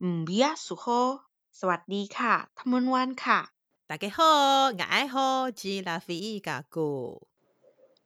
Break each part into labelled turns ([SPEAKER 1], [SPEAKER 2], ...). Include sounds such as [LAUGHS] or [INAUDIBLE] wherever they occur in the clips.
[SPEAKER 1] 嗯，比亞索哈，薩瓦迪卡，塔蒙灣卡，大家好，我愛好吉拉菲加古。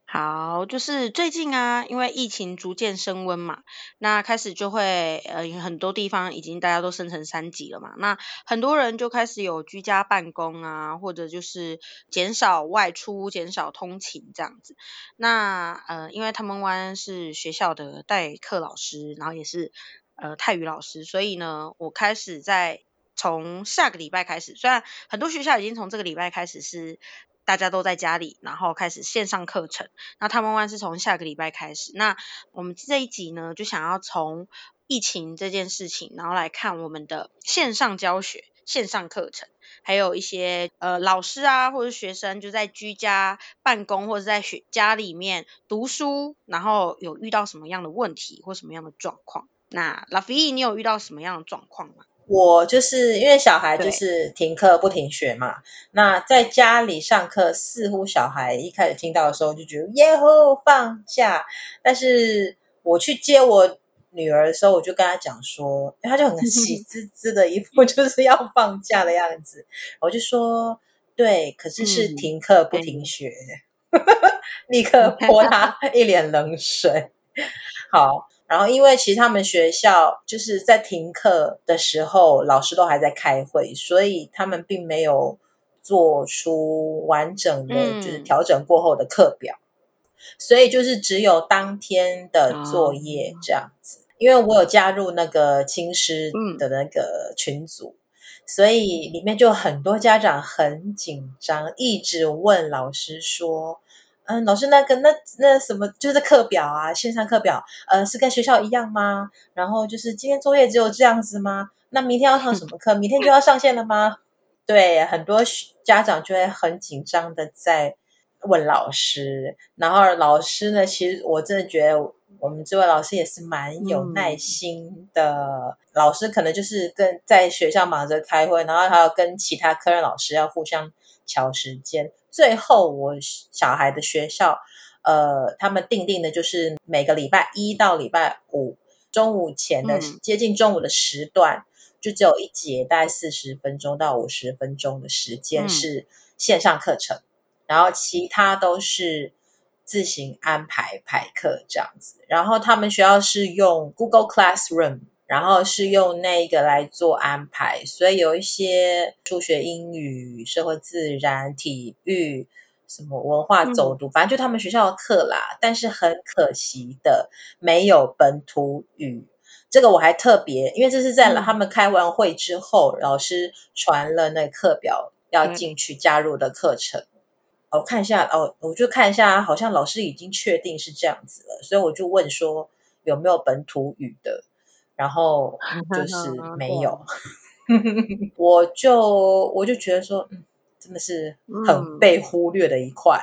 [SPEAKER 1] 好，就是最近啊，因為疫情逐漸升溫嘛，那開始就會呃很多地方已經大家都升成三級了嘛，那很多人就開始有居家辦公啊，或者就是減少外出，減少通勤這樣子。那呃，因為塔蒙灣是學校的代課老師，然後也是。呃，泰語老師，所以呢，我開始在從下個禮拜開始，雖然很多學校已經從這個禮拜開始是大家都在家裡，然後開始線上課程，那他們班是從下個禮拜開始。那我們這一集呢，就想要從疫情這件事情，然後來看我們的線上教學、線上課程，還有一些呃老師啊，或者學生就在居家辦公，或者在學家裡面讀書，然後有遇到什麼樣的問題或什麼樣的狀況。那拉菲 f 你有遇到什麼樣的狀況嗎？
[SPEAKER 2] 我就是因為小孩就是停課不停學嘛。那在家裡上課，似乎小孩一開始聽到的時候就覺得耶呵，放假。但是我去接我女兒的時候，我就跟她講說，她就很喜滋滋的一副就是要放假的樣子。 [LAUGHS] 我就說，對，可是是停課不停學，嗯、 [LAUGHS] 立刻潑她一臉冷水。好。然後，因為其實他們學校就是在停課的時候，老師都還在開會，所以他們並沒有做出完整的，就是調整過後的課表，嗯，所以就是只有當天的作業、哦、這樣子。因為我有加入那個親師的那個群組，嗯，所以裡面就很多家長很緊張，一直問老師說。嗯，老師、那個，那個那那什麼，就是課表啊，線上課表，呃，是跟學校一樣嗎？然後就是今天作業只有這樣子嗎？那明天要上什麼課？明天就要上線了嗎？嗯、對，很多家長就會很緊張的在問老師，然後老師呢，其實我真的覺得我們這位老師也是蠻有耐心的，嗯、老師可能就是跟在學校忙着開會，然後還要跟其他科任老師要互相調時間。最後，我小孩的學校，呃，他們訂定的就是每個禮拜一到禮拜五中午前的、嗯、接近中午的時段，就只有一節大概四十分鐘到五十分鐘的時間是線上課程、嗯，然後其他都是自行安排排課這樣子。然後他們學校是用 Google Classroom。然後是用那個來做安排，所以有一些數學、英語、社會、自然、體育，什麼文化走讀，反正就他們學校的課啦。嗯。但是很可惜的，沒有本土語。這個我還特別，因為這是在他們開完會之後，嗯。老師傳了那課表要進去加入的課程。我、嗯、哦、看一下哦，我就看一下，好像老師已經確定是這樣子了，所以我就問說有沒有本土語的。然後就是沒有，我就我就覺得說，真的是很被忽略的一塊。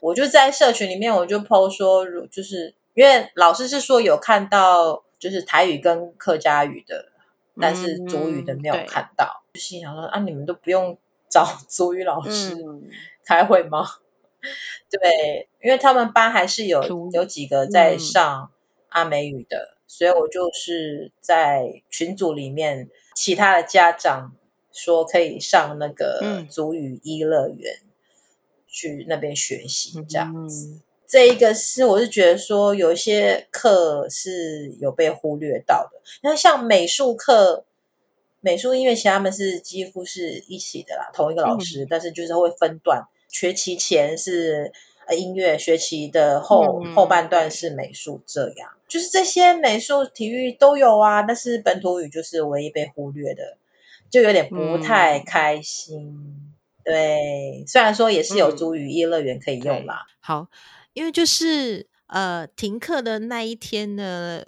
[SPEAKER 2] 我就在社群裡面，我就 PO 說，如就是因為老師是說有看到，就是台語跟客家語的，但是族語的沒有看到，心想說啊，你們都不用找族語老師開會嗎？對，因為他們班還是有有幾個在上阿美語的、嗯。所以我就是在群組裡面，其他的家長說可以上那個族語 E 樂園，嗯、去那邊學習這樣子、嗯。這一個是我是覺得說有一些課是有被忽略到的，那像美術課、美術、音樂，其實他們是幾乎是一起的啦，同一個老師，嗯、但是就是會分段。學期前是。音樂學習的後、嗯、後半段是美術，這樣、嗯、就是這些美術體育都有啊，但是本土語就是唯一被忽略的，就有點不太開心。嗯、對，雖然說也是有族語 E、嗯、樂園可以用啦。好，因為就是呃停課的那一天呢，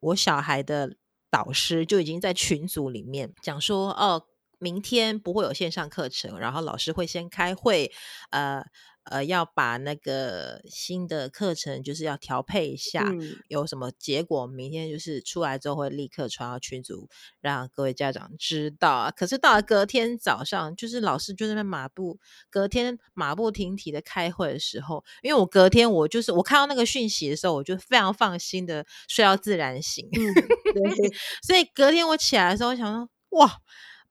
[SPEAKER 2] 我小孩的導師就已經在群組裡面講說，哦，明天不會有線上課程，然後老師會先開會，呃。呃，要把那個新的課程，就是要調配一下、嗯，有什麼結果，明天就是出來之後會立刻傳到群組，讓各位家長知道啊。可是到了隔天早上，就是老師就在那馬不隔天馬不停蹄的開會的時候，因為我隔天我就是我看到那個訊息的時候，我就非常放心的睡到自然醒。嗯、 [LAUGHS] 對不對？所以隔天我起來的時候，我想說，哇。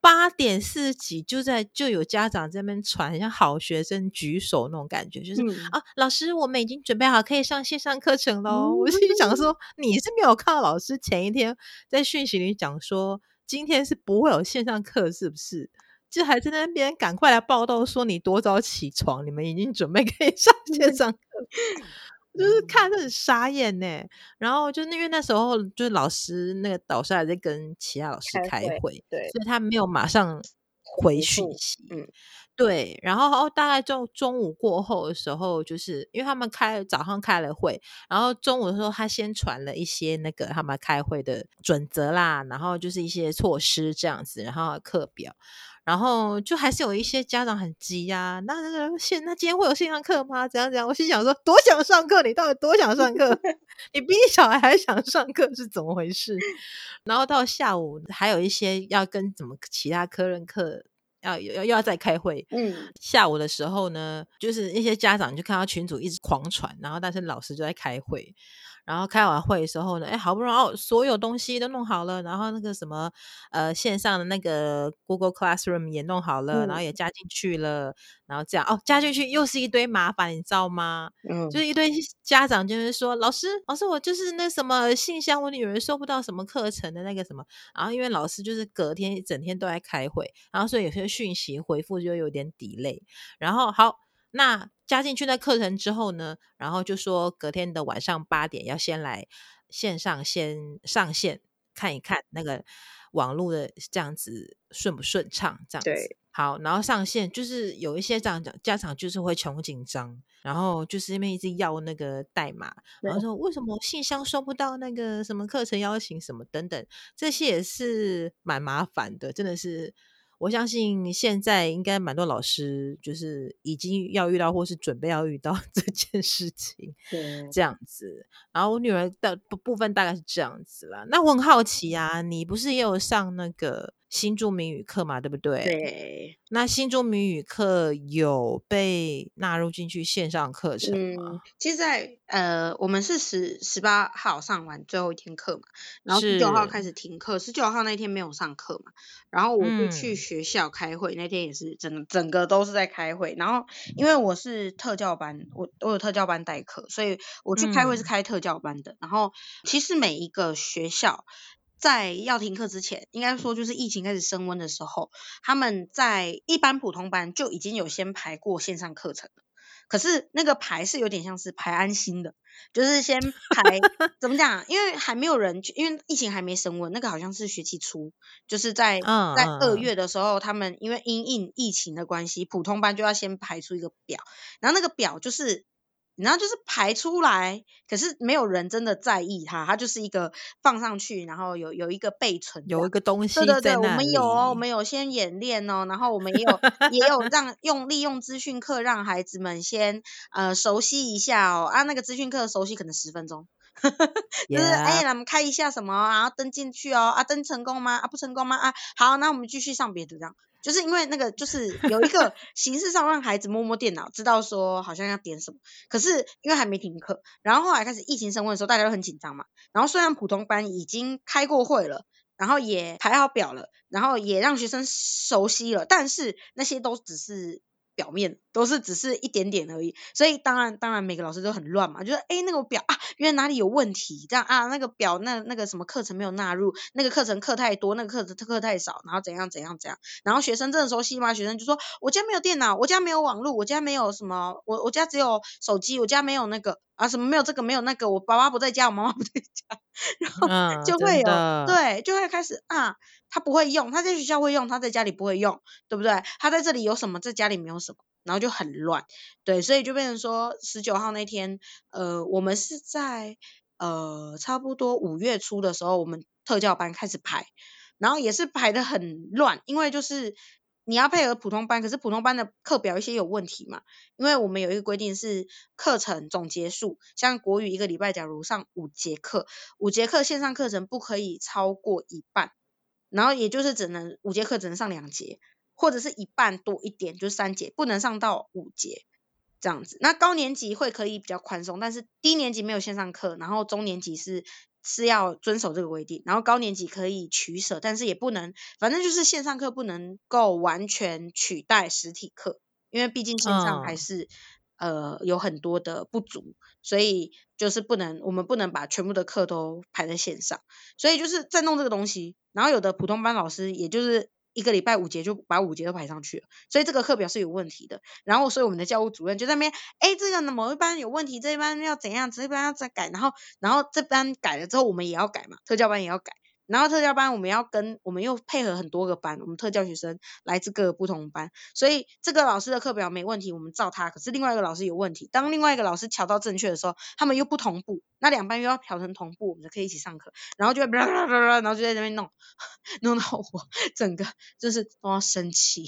[SPEAKER 2] 八點四幾就在就有家長在那邊傳，像好學生舉手那種感覺，就是、嗯、啊，老師，我們已經準備好可以上線上課程嘍、嗯。我心裡想說，你是沒有看到老師前一天在訊息裡講說，今天是不會有線上課，是不是？就還在那邊趕快來報到說你多早起床，你們已經準備可以上線上課。嗯 [LAUGHS] 就是看着很傻眼呢，欸，然後就因為那時候就是老師那個導師還在跟其他老師開會，開會，對，所以他沒有馬上回訊息，嗯，對，然後，哦，大概就中午過後的時候，就是因為他們開早上開了會，然後中午的時候他先傳了一些那個他們開會的準則啦，然後就是一些措施這樣子，然後課表。然後就還是有一些家長很急呀，啊，那那現那，那今天會有線上課嗎？怎樣怎樣？我心想說，多想上課，你到底多想上課？ [LAUGHS] [LAUGHS] 你比你小孩還想上課是怎麼回事？ [LAUGHS] 然後到下午還有一些要跟怎麼其他科任課要要要再開會。嗯，下午的時候呢，就是一些家長就看到群組一直狂喘，然後但是老師就在開會。然後開完會的時候呢，哎，好不容易哦，所有東西都弄好了。然後那個什麼，呃，線上的那個 Google Classroom 也弄好了，嗯、然後也加進去了。然後這樣，哦，加進去又是一堆麻煩，你知道嗎？嗯，就是一堆家長就是說，老師，老師，我就是那什麼信箱，我女兒收不到什麼課程的那個什麼。然後因為老師就是隔天整天都在開會，然後所以有些訊息回復就有點 delay。然後好，那。加進去那課程之後呢，然後就說隔天的晚上八點要先來線上先上線看一看那個網絡的這樣子順不順暢，這樣子。對。好，然後上線就是有一些這樣家長就是會窮緊張，然後就是因為一直要那個代碼，然後說為什麼信箱收不到那個什麼課程邀請什麼等等，這些也是蠻麻煩的，真的是。我相信現在應該蠻多老師就是已經要遇到或是準備要遇到這件事情，這樣子。然後我女兒的部部分大概是這樣子啦。那我很好奇啊，你不是也有上那個？新住民語課嘛，對不對？對。那新住民語課有被納入進去線上課程嗎？
[SPEAKER 1] 嗯、其實在呃，我們是十十八號上完最後一天課嘛，然後十九號開始停課。十九號那天沒有上課嘛，然後我就去學校開會，嗯、那天也是整整個都是在開會。然後因為我是特教班，我我有特教班代課，所以我去開會是開特教班的。嗯、然後其實每一個學校。在要停課之前，應該說就是疫情開始升溫的時候，他們在一般普通班就已經有先排過線上課程了，可是那個排是有點像是排安心的，就是先排 [LAUGHS] 怎麼講？因為還沒有人去，因為疫情還沒升溫，那個好像是學期初，就是在在二月的時候，他們因為因應疫情的關係，普通班就要先排出一個表，然後那個表就是。然後就是排出來，可是沒有人真的在意它，它就是一個放上去，然後有有一個備存，有
[SPEAKER 2] 一個東西。對對對，我們有哦，
[SPEAKER 1] 我們有先演練哦，然後我們也有 [LAUGHS] 也有讓用利用資訊課讓孩子們先呃熟悉一下哦，啊那個資訊課熟悉可能十分鐘， [LAUGHS] 就是誒、yeah. 欸、我們開一下什麼，然後登進去哦，啊登成功嗎？啊不成功嗎？啊好，那我們繼續上別的這樣。就是因為那個，就是有一個形式上讓孩子摸摸電腦，知道說好像要點什麼。可是因為還沒停課，然後後來開始疫情升溫的時候，大家都很緊張嘛。然後雖然普通班已經開過會了，然後也排好表了，然後也讓學生熟悉了，但是那些都只是。表面都是只是一點點而已，所以當然當然每個老師都很亂嘛，就是誒那個表啊，因為哪裡有問題這樣啊，那個表，那那個什麼課程沒有納入，那個課程課太多，那個課程課太少，然後怎樣怎樣怎樣，然後學生這時候起碼學生就說，我家沒有電腦，我家沒有網路，我家沒有什麼，我我家只有手機，我家沒有那個。啊，什麼沒有這個沒有那個，我爸爸不在家，我媽媽不在家，然後就會有，啊、對，就會開始啊，他不會用，他在學校會用，他在家裡不會用，對不對？他在這裡有什麼，在家裡沒有什麼，然後就很亂，對，所以就變成說十九號那天，呃，我們是在呃差不多五月初的時候，我們特教班開始排，然後也是排得很亂，因為就是。你要配合普通班，可是普通班的課表一些有問題嘛？因為我們有一個規定是課程總節數，像國語一個禮拜，假如上五節課，五節課線上課程不可以超過一半，然後也就是只能五節課只能上兩節，或者是一半多一點，就是三節，不能上到五節這樣子。那高年級會可以比較寬鬆，但是低年級沒有線上課，然後中年級是。是要遵守這個規定，然後高年級可以取捨，但是也不能，反正就是線上課不能夠完全取代實體課，因為畢竟線上還是、嗯、呃有很多的不足，所以就是不能，我們不能把全部的課都排在線上，所以就是在弄這個東西，然後有的普通班老師也就是一個禮拜五節就把五節都排上去了，所以這個課表是有問題的。然後，所以我們的教務主任就在那邊，哎，這個呢，某一班有問題，這一班要怎樣，這一班要再改。然後，然後這班改了之後，我們也要改嘛，特教班也要改。然後特教班我們要跟我們又配合很多個班，我們特教學生來自各個不同班，所以這個老師的課表沒問題，我們照他。可是另外一個老師有問題，當另外一個老師調到正確的時候，他們又不同步，那兩班又要調成同步，我們就可以一起上課。然後就會，然後就在那邊弄，弄到我整個就是我要生氣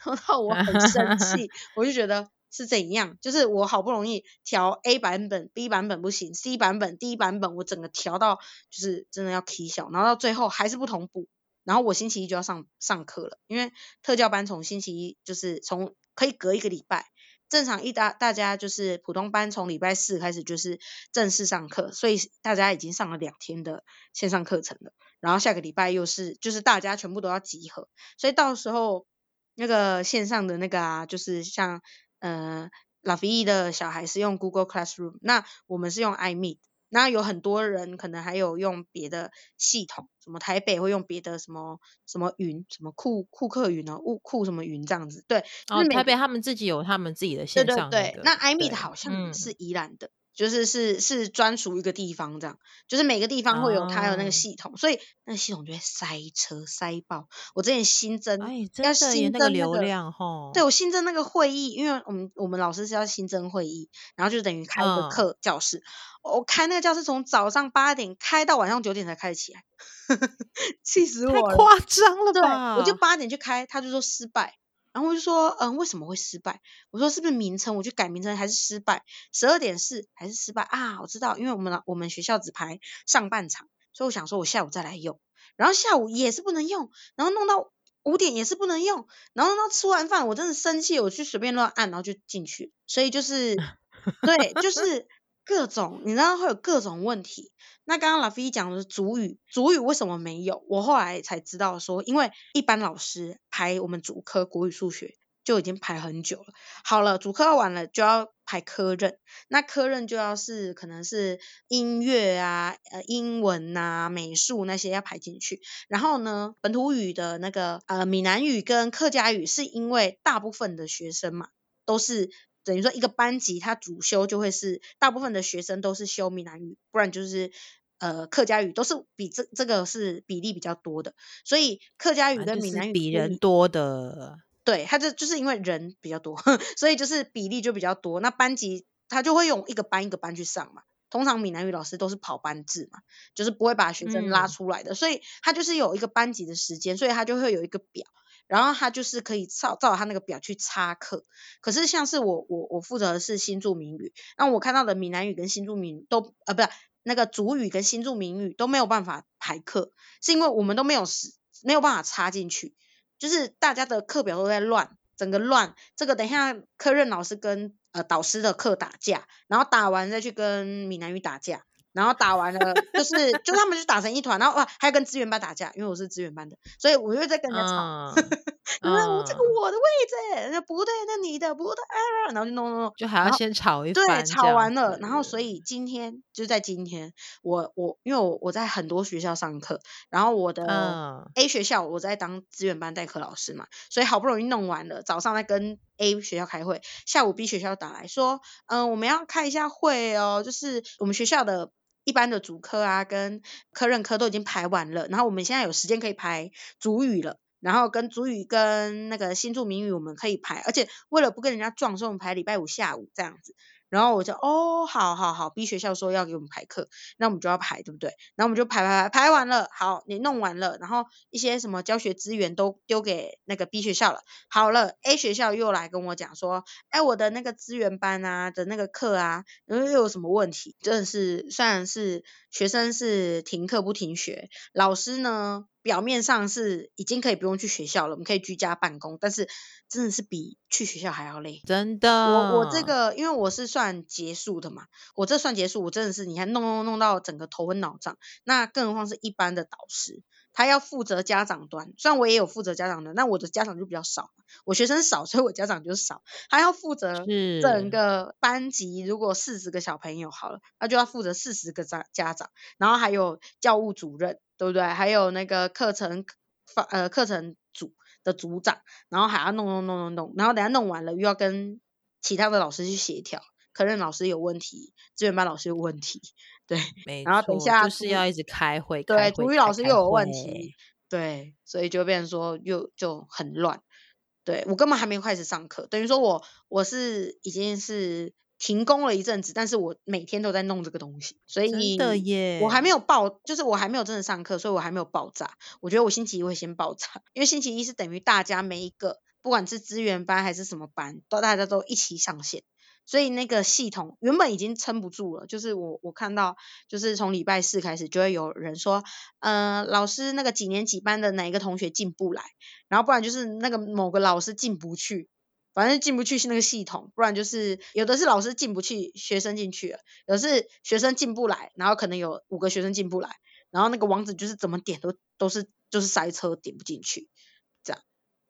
[SPEAKER 1] 呵呵，弄到我很生氣，我就覺得。是怎樣？就是我好不容易調 A 版本，B 版本不行，C 版本，D 版本我整個調到，就是真的要踢小，然後到最後還是不同步。然後我星期一就要上上課了，因為特教班從星期一就是從可以隔一個禮拜，正常一大大家就是普通班從禮拜四開始就是正式上課，所以大家已經上了兩天的線上課程了。然後下個禮拜又是就是大家全部都要集合，所以到時候那個線上的那個啊，就是像。呃，Lafii 的小孩是用 Google Classroom，那我們是用 iMeet，那有很多人可能還有用別的系統，什麼台北會用別的什麼什麼雲，什麼庫庫克雲呢，霧庫什麼雲這樣子，對。哦，台北他們自己有
[SPEAKER 2] 他們自己的線上、那個。對對對，那 iMeet 的好像是
[SPEAKER 1] 宜蘭的。嗯。就是是是專屬一個地方這樣，就是每個地方會有它的那個系統、哦，所以那個系統就會塞車塞爆。我之前新增、哎、真的要新增那個、那個、流量哈、哦，對我新增那個會議，因為我們我們老師是要新增會議，然後就等於開一個課、嗯、教室。我開那個教室從早上八點開到晚上九點才開始起來，氣 [LAUGHS] 死我了！太誇張了吧對吧？我就八點去開，他就說失敗。然後我就說，嗯，為什麼會失敗？我說是不是名稱？我去改名稱還是失敗？十二點四還是失敗啊？我知道，因為我們我們學校只排上半場，所以我想說我下午再來用。然後下午也是不能用，然後弄到五點也是不能用，然後弄到吃完飯我真的生氣，我去隨便亂按，然後就進去。所以就是，對，就是。 [LAUGHS] 各種，你知道會有各種問題。那剛剛 Lafii 講的是族語，族語為什麼沒有？我後來才知道說，因為一般老師排我們主科國語、數學就已經排很久了。好了，主科完了就要排科任，那科任就要是可能是音樂啊、呃英文吶、啊、美術那些要排進去。然後呢，本土語的那個呃閩南語跟客家語，是因為大部分的學生嘛都是。等於說一個班級，他主修就會是大部分的學生都是修閩南語，不然就是呃客家語，都是比這這個是比例比較多的。所以客家語跟閩南語比，啊，就是比人
[SPEAKER 2] 多的，
[SPEAKER 1] 對，它，就就是因為人比較多，所以就是比例就比較多。那班級他就會用一個班一個班去上嘛，通常閩南語老師都是跑班制嘛，就是不會把學生拉出來的，嗯，所以他就是有一個班級的時間，所以他就會有一個表。然後他就是可以照照他那個表去插課，可是像是我我我負責的是新住民語，那我看到的閩南語跟新住民語都啊、呃、不是那個族語、跟新住民語都沒有辦法排課，是因為我們都沒有沒有辦法插進去，就是大家的課表都在亂，整個亂，這個等一下科任老師跟呃導師的課打架，然後打完再去跟閩南語打架。 [LAUGHS] 然後打完了，就是就他們就打成一團，然後哇，還要跟資源班打架，因為我是資源班的，所以我又在跟人家吵，uh, [LAUGHS] 你我、uh, 這個我的位置不對，那你的不對了，啊，然後就弄弄，弄就還要先吵一，對，吵完了，然後所以今天就在今天，我我因為我我在很多學校上課，然後我的 A 學校我在當資源班代課老師嘛，所以好不容易弄完了，早上在跟 A 學校開會，下午 B 學校打來說，嗯、呃，我們要開一下會哦，喔，就是我們學校的。一般的主科啊，跟科任課都已經排完了，然後我們現在有時間可以排主語了，然後跟主語跟那個新住民語我們可以排，而且為了不跟人家撞，所以我們排禮拜五下午這樣子。然後我就哦，好好好，B 學校說要給我們排課，那我們就要排，對不對？然後我們就排排排，排完了，好，你弄完了，然後一些什麼教學資源都丟給那個 B 學校了。好了，A 學校又來跟我講說，哎，我的那個資源班啊的那個課啊，然後又有什麼問題？真的是算是。學生是停課不停學，老師呢，表面上是已經可以不用去學校了，我們可以居家辦公，但是真的是比去學校還要累，真的。我我這個因為我是算結束的嘛，我這算結束，我真的是你看弄弄弄到整個頭昏腦脹，那更何況是一般的導師。他要負責家長端，雖然我也有負責家長的，但我的家長就比較少，我學生少，所以我家長就少。他要負責整個班級，如果四十個小朋友好了，那就要負責四十個家家長，然後還有教務主任，對不對？還有那個課程，呃，課程組的組長，然後還要弄弄弄弄弄，然後等下弄完了又要跟其他的老師去協調，科任老師有問題，資源班老師有問題。對，然後等一下，就是要一直開會，對，主語老師又有問題，對，所以就變成說又就很亂。對，我根本還沒有開始上課，等於說我我是已經是停工了一陣子，但是我每天都在弄這個東西，所以真的耶，我還沒有爆，就是我還沒有真的上課，所以我還沒有爆炸。我覺得我星期一會先爆炸，因為星期一是等於大家每一個，不管是資源班還是什麼班，都大家都一起上線。所以那個系統原本已經撐不住了，就是我我看到，就是從禮拜四開始就會有人說，嗯、呃，老師那個幾年幾班的哪一個同學進不來，然後不然就是那個某個老師進不去，反正進不去是那個系統，不然就是有的是老師進不去，學生進去了，有的是學生進不來，然後可能有五個學生進不來，然後那個網址就是怎麼點都都是就是塞車，點不進去，這樣，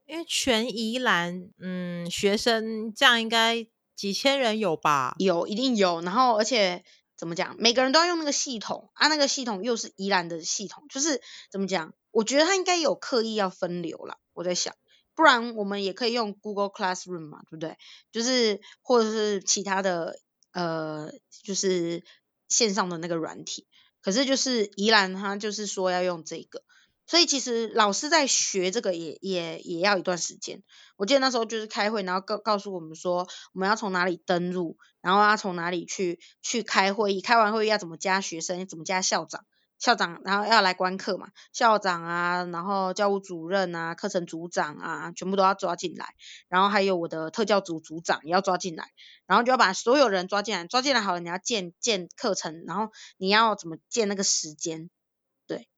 [SPEAKER 1] 因為全宜蘭，嗯，
[SPEAKER 2] 學生這樣應
[SPEAKER 1] 該。幾千人有吧？有，一定有。然後，而且怎麼講，每個人都要用那個系統啊，那個系統又是宜蘭的系統，就是怎麼講？我覺得他應該有刻意要分流了。我在想，不然我們也可以用 Google Classroom 嘛，對不對？就是或者是其他的，呃，就是線上的那個軟體。可是就是宜蘭，他就是說要用這個。所以其實老師在學這個也也也要一段時間。我記得那時候就是開會，然後告告訴我們說我們要從哪裡登入，然後要從哪裡去去開會議，開完會議要怎麼加學生，怎麼加校長，校長然後要來觀課嘛，校長啊，然後教務主任啊，課程組長啊，全部都要抓進來，然後還有我的特教組組長也要抓進來，然後就要把所有人抓進來，抓進來好了，你要建建課程，然後你要怎麼建那個時間。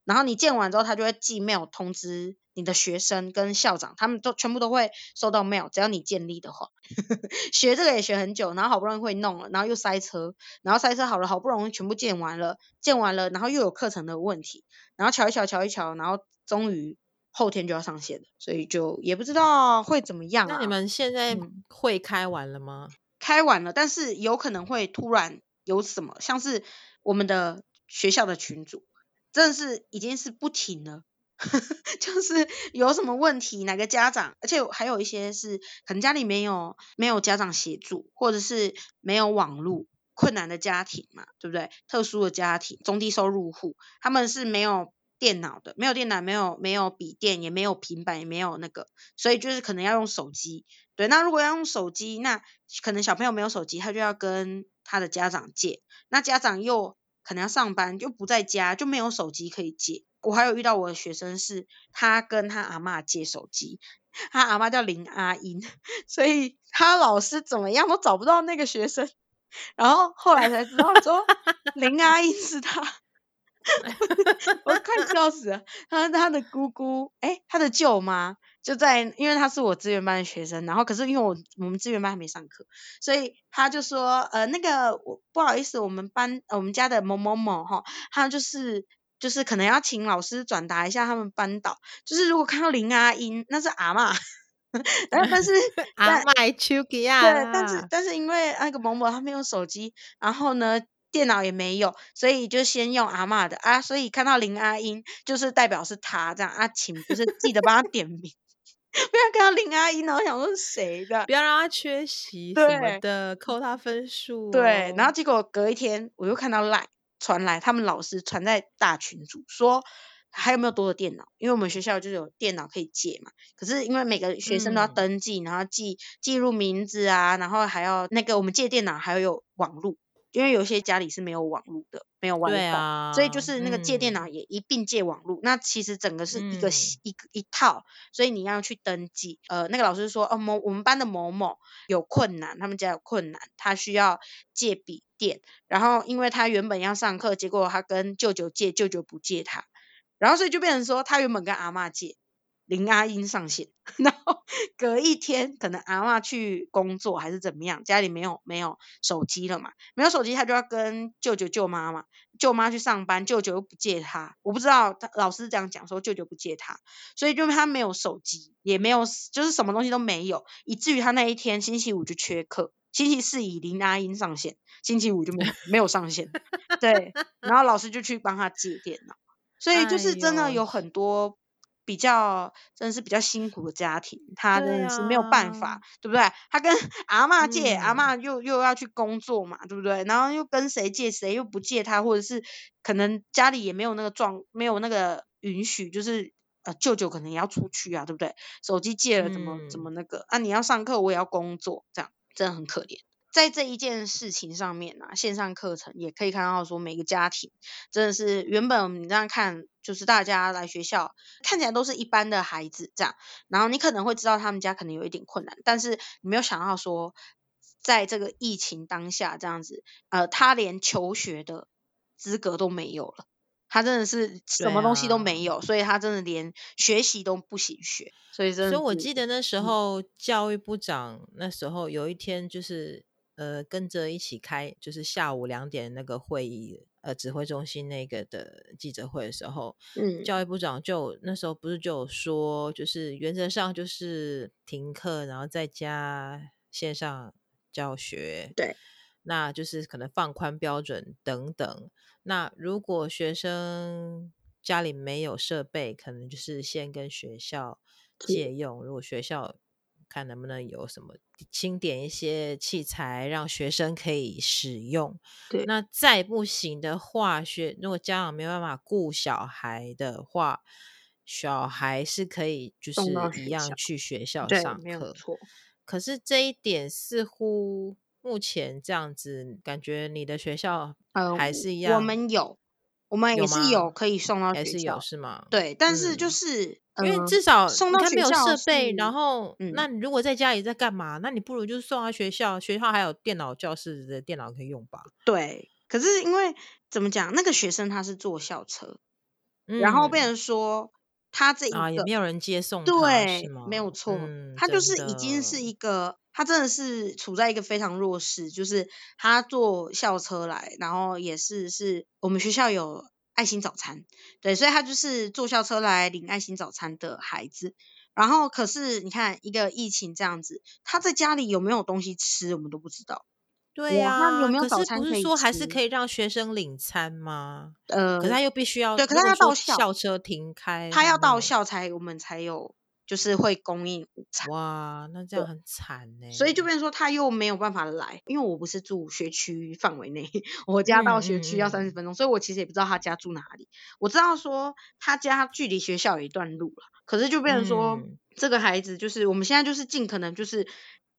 [SPEAKER 1] 然後你建完之後，他就會寄 mail 通知你的學生跟校長，他們都全部都會收到 mail，只要你建立的話。呵呵，學這個也學很久，然後好不容易會弄了，然後又塞車，然後塞車好了，好不容易全部建完了，建完了，然後又有課程的問題，然後瞧一瞧，瞧一瞧，然後終於後天就要上線，所以就也不知道會怎麼樣啊。那你們現在會開完了嗎？嗯，開完了，但是有可能會突然有什麼，像是我們的學校的群組真的是已經是不停了， [LAUGHS] 就是有什麼問題，哪個家長，而且還有一些是可能家裡沒有沒有家長協助，或者是沒有網路困難的家庭嘛，對不對？特殊的家庭，中低收入戶，他們是沒有電腦的，沒有電腦，沒有沒有筆電，也沒有平板，也沒有那個，所以就是可能要用手機。對，那如果要用手機，那可能小朋友沒有手機，他就要跟他的家長借，那家長又。可能要上班，就不在家，就沒有手機可以借。我還有遇到我的學生是，是他跟他阿媽借手機，他阿媽叫林阿英，所以他老師怎麼樣都找不到那個學生。然後後來才知道說，林阿英是他， [LAUGHS] 我快笑死了，他他的姑姑，誒、欸、他的舅媽。就在，因為他是我資源班的學生，然後可是因為我我們資源班還沒上課，所以他就說，呃，那個我不好意思，我們班、呃、我們家的某某某哈，他就是就是可能要請老師轉達一下他們班導，就是如果看到林阿英，那是阿媽 [LAUGHS] 但是 [LAUGHS] 但是、 [LAUGHS] 啊，但是阿媽秋吉亞， [LAUGHS] 對，但是但是因為那個某某他沒有手機，然後呢電腦也沒有，所以就先用阿媽的啊，所以看到林阿英就是代表是他這樣啊，請就是記得幫他點名。 [LAUGHS] [LAUGHS] 不要看到林阿姨，然後想說是誰的？不要讓他缺席對，的，扣他分數、哦。對，然後結果隔一天，我又看到 LINE 傳來他們老師傳在大群組說，還有沒有多的電腦？因為我們學校就是有電腦可以借嘛。可是因為每個學生都要登記，嗯、然後記記錄名字啊，然後還要那個我們借電腦還要有，有網路。因為有些家裡是沒有網絡的，沒有網絡、啊，所以就是那個借電腦也一併借網絡、嗯。那其實整個是一個、嗯、一個一套，所以你要去登記。呃，那個老師說，哦，某我們班的某某有困難，他們家有困難，他需要借筆電。然後因為他原本要上課，結果他跟舅舅借，舅舅不借他，然後所以就變成說他原本跟阿嬤借。林阿英上線，然後隔一天可能阿嬤去工作還是怎麼樣，家裡沒有沒有手機了嘛？沒有手機，他就要跟舅舅舅媽嘛，舅媽去上班，舅舅又不借他，我不知道他老師這樣講說，說舅舅不借他，所以就他沒有手機，也沒有就是什麼東西都沒有，以至於他那一天星期五就缺課，星期四以林阿英上線，星期五就沒有 [LAUGHS] 沒有上線，對，然後老師就去幫他借電腦，所以就是真的有很多、哎。比較真的是比較辛苦的家庭，他真的是沒有辦法，對啊、對不對？他跟阿嬤借、嗯嗯，阿嬤又又要去工作嘛，對不對？然後又跟誰借，誰又不借他，或者是可能家裡也沒有那個狀，沒有那個允許，就是呃舅舅可能也要出去啊，對不對？手機借了怎麼、嗯、怎麼那個啊？你要上課，我也要工作，這樣真的很可憐。在這一件事情上面啊，線上課程也可以看到說，每個家庭真的是原本你這樣看，就是大家來學校看起來都是一般的孩子這樣，然後你可能會知道他們家可能有一點困難，但是你沒有想到說，在這個疫情當下這樣子，呃，他連求學的資格都沒有了，他真的是什麼東西都沒有，啊、所以他真的連學習都不行學，所以所以，我記得那時候
[SPEAKER 2] 教育部長那時候有一天就是。呃，跟着一起開，就是下午兩點那個會議，呃，指揮中心那個的記者會的時候，嗯，教育部長就那時候不是就有說，就是原則上就是停課，然後在家線上教學，對，那就是可能放寬標準等等。那如果學生家裡沒有設備，可能就是先跟學校借用，如果學校。看能不能有什麼清點一些器材，讓學生可以使用。對，那再不行的話，學如果家長沒有辦法顧小孩的話，小孩是可以就是一樣去學校上
[SPEAKER 1] 課。對，沒有
[SPEAKER 2] 錯。可是這一點似乎目前這樣子，感覺你的學校還是一樣。呃、我們
[SPEAKER 1] 有，我們也是有可以送到學校，還是有是嗎？對，但是就是。嗯因為至少送、嗯、他沒有設備，然
[SPEAKER 2] 後、嗯、那你如果在家裡在幹嘛，那你不如就是送到學校，學校還有電腦教室的電腦可以用吧？
[SPEAKER 1] 對，可是因為怎麼講，那個學生他是坐校車，
[SPEAKER 2] 嗯、然後被
[SPEAKER 1] 人說他這啊也沒有人接
[SPEAKER 2] 送，對，
[SPEAKER 1] 沒有錯、嗯，他就是已經是一個，他真的是處在一個非常弱勢，就是他坐校車來，然後也是是我們學校有。愛心早餐，對，所以他就是坐校車來領愛心早餐的孩子。然後可是你看，一個疫情這樣子，他在家裡有沒有東西吃，我們都不知道。對呀、啊，那有沒有早餐可以吃？可是不是說還是可
[SPEAKER 2] 以讓學生領餐嗎？呃，可是他又必須要校，對，可是他要到校車停開，他要
[SPEAKER 1] 到校才我們才有。嗯就是會供應午餐。哇，那這樣很
[SPEAKER 2] 慘呢。所以
[SPEAKER 1] 就變成說他又沒有辦法來，因為我不是住學區範圍內，我家到學區要三十分鐘、嗯嗯嗯，所以我其實也不知道他家住哪裡。我知道說他家距離學校有一段路了，可是就變成說這個孩子就是我們現在就是盡可能就是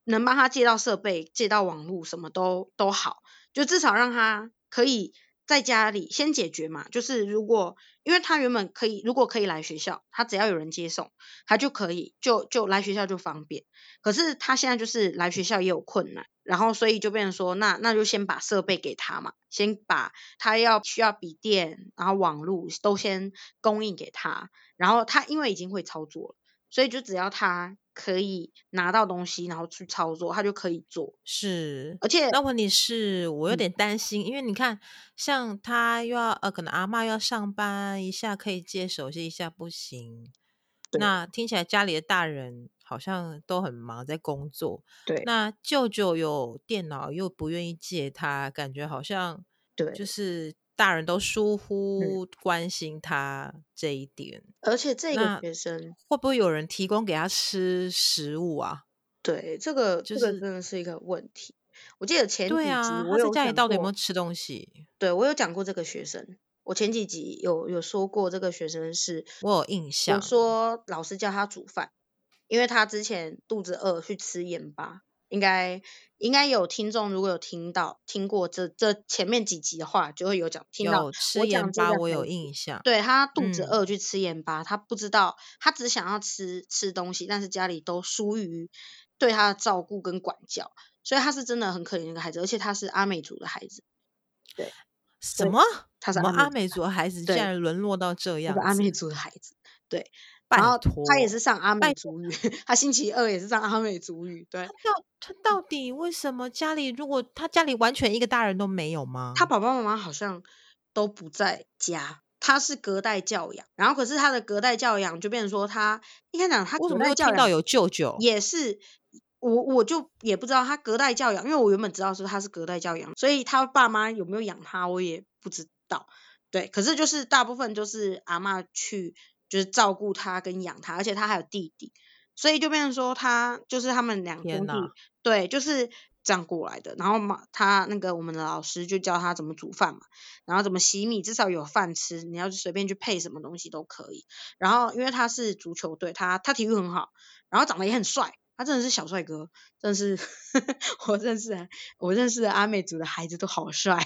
[SPEAKER 1] 能幫他借到設備、借到網絡，什麼都都好，就至少讓他可以。在家裡先解決嘛，就是如果因為他原本可以，如果可以來學校，他只要有人接送，他就可以，就就來學校就方便。可是他現在就是來學校也有困難，然後所以就變成說，那那就先把設備給他嘛，先把他要需要筆電，然後網絡都先供應給他，然後他因為已經會操作了。所以就只要他可以拿到東西，然後去操作，他就可以做。
[SPEAKER 2] 是，而且那問題是我有點擔心、嗯，因為你看，像他又要呃，可能阿嬤要上班，一下可以借手機，一下不行。那聽起來家裡的大人好像都很忙，在工作。對，那舅舅有電腦又不願意借他，感覺好像對，就是。大人都疏忽關心他這一點，嗯、而且這個學
[SPEAKER 1] 生會不
[SPEAKER 2] 會有人提供給他吃食物啊？對，
[SPEAKER 1] 這個、就是、這個真的是一個問題。我記得前幾集我有講過，對啊、家裡到底有沒有吃東西？對，我有講過這個學生，我前幾集有有說過這個學生是，我有印象，我說老師叫他煮飯，因為他之前肚子餓去吃鹽巴。應該應該有聽眾，如果有聽到聽過這這前面幾集的話，就會有講聽到 Yo，吃鹽巴，我，我有
[SPEAKER 2] 印象。對，
[SPEAKER 1] 他肚子餓去吃鹽巴，嗯，他不知道，他只想要吃吃東西，但是家裡都疏於對他的照顧跟管教，所以他是真的很可憐的一個孩子，而且他是阿美族的孩子。對，什麼？他是阿美族的孩子，竟然
[SPEAKER 2] 淪落到這樣。阿美族的孩子，
[SPEAKER 1] 對。對拜後他也是上阿美族語， [LAUGHS] 他星期二也是上阿美族語。對，他到底為什麼，家裡如果他家裡完全一個大人都沒有嗎？他爸爸媽媽好像都不在家，他是隔代教養。然後可是他的隔代教養就變成說他，你看講他為什麼又聽到有舅舅？也是，我我就也不知道他隔代教養，因為我原本知道說他是隔代教養，所以他爸媽有沒有養他我也不知道。對，可是就是大部分就是阿媽去。就是照顧他跟養他，而且他還有弟弟，所以就變成說他就是他們兩個、啊、對，就是這樣過來的。然後嘛，他那個我們的老師就教他怎麼煮飯嘛，然後怎麼洗米，至少有飯吃，你要隨便去配什麼東西都可以。然後因為他是足球隊，他他體育很好，然後長得也很帥。他真的是小帥哥，真的是呵呵，我認識我認識的阿美族的孩子都好帥。